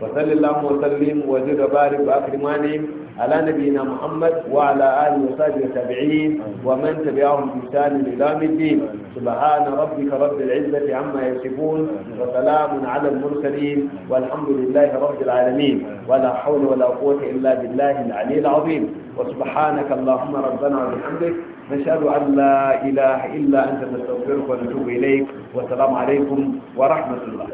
wa sallallahu wa sallim wa da bari ba wa akrimani ala na muhammad wa ala alihi wa sahbihi wa tabi'in wa man tabi'ahum bi ihsan da yawmiddin subhana rabbika rabbil izzati amma yasifun wa salamun ala al mursalin والحمد لله رب العالمين ولا حول ولا قوه illa بالله لله العلي العظيم وسبحانك اللهم ربنا وبحمدك نشهد أن لا إله إلا أنت نستغفرك ونتوب إليك والسلام عليكم ورحمة الله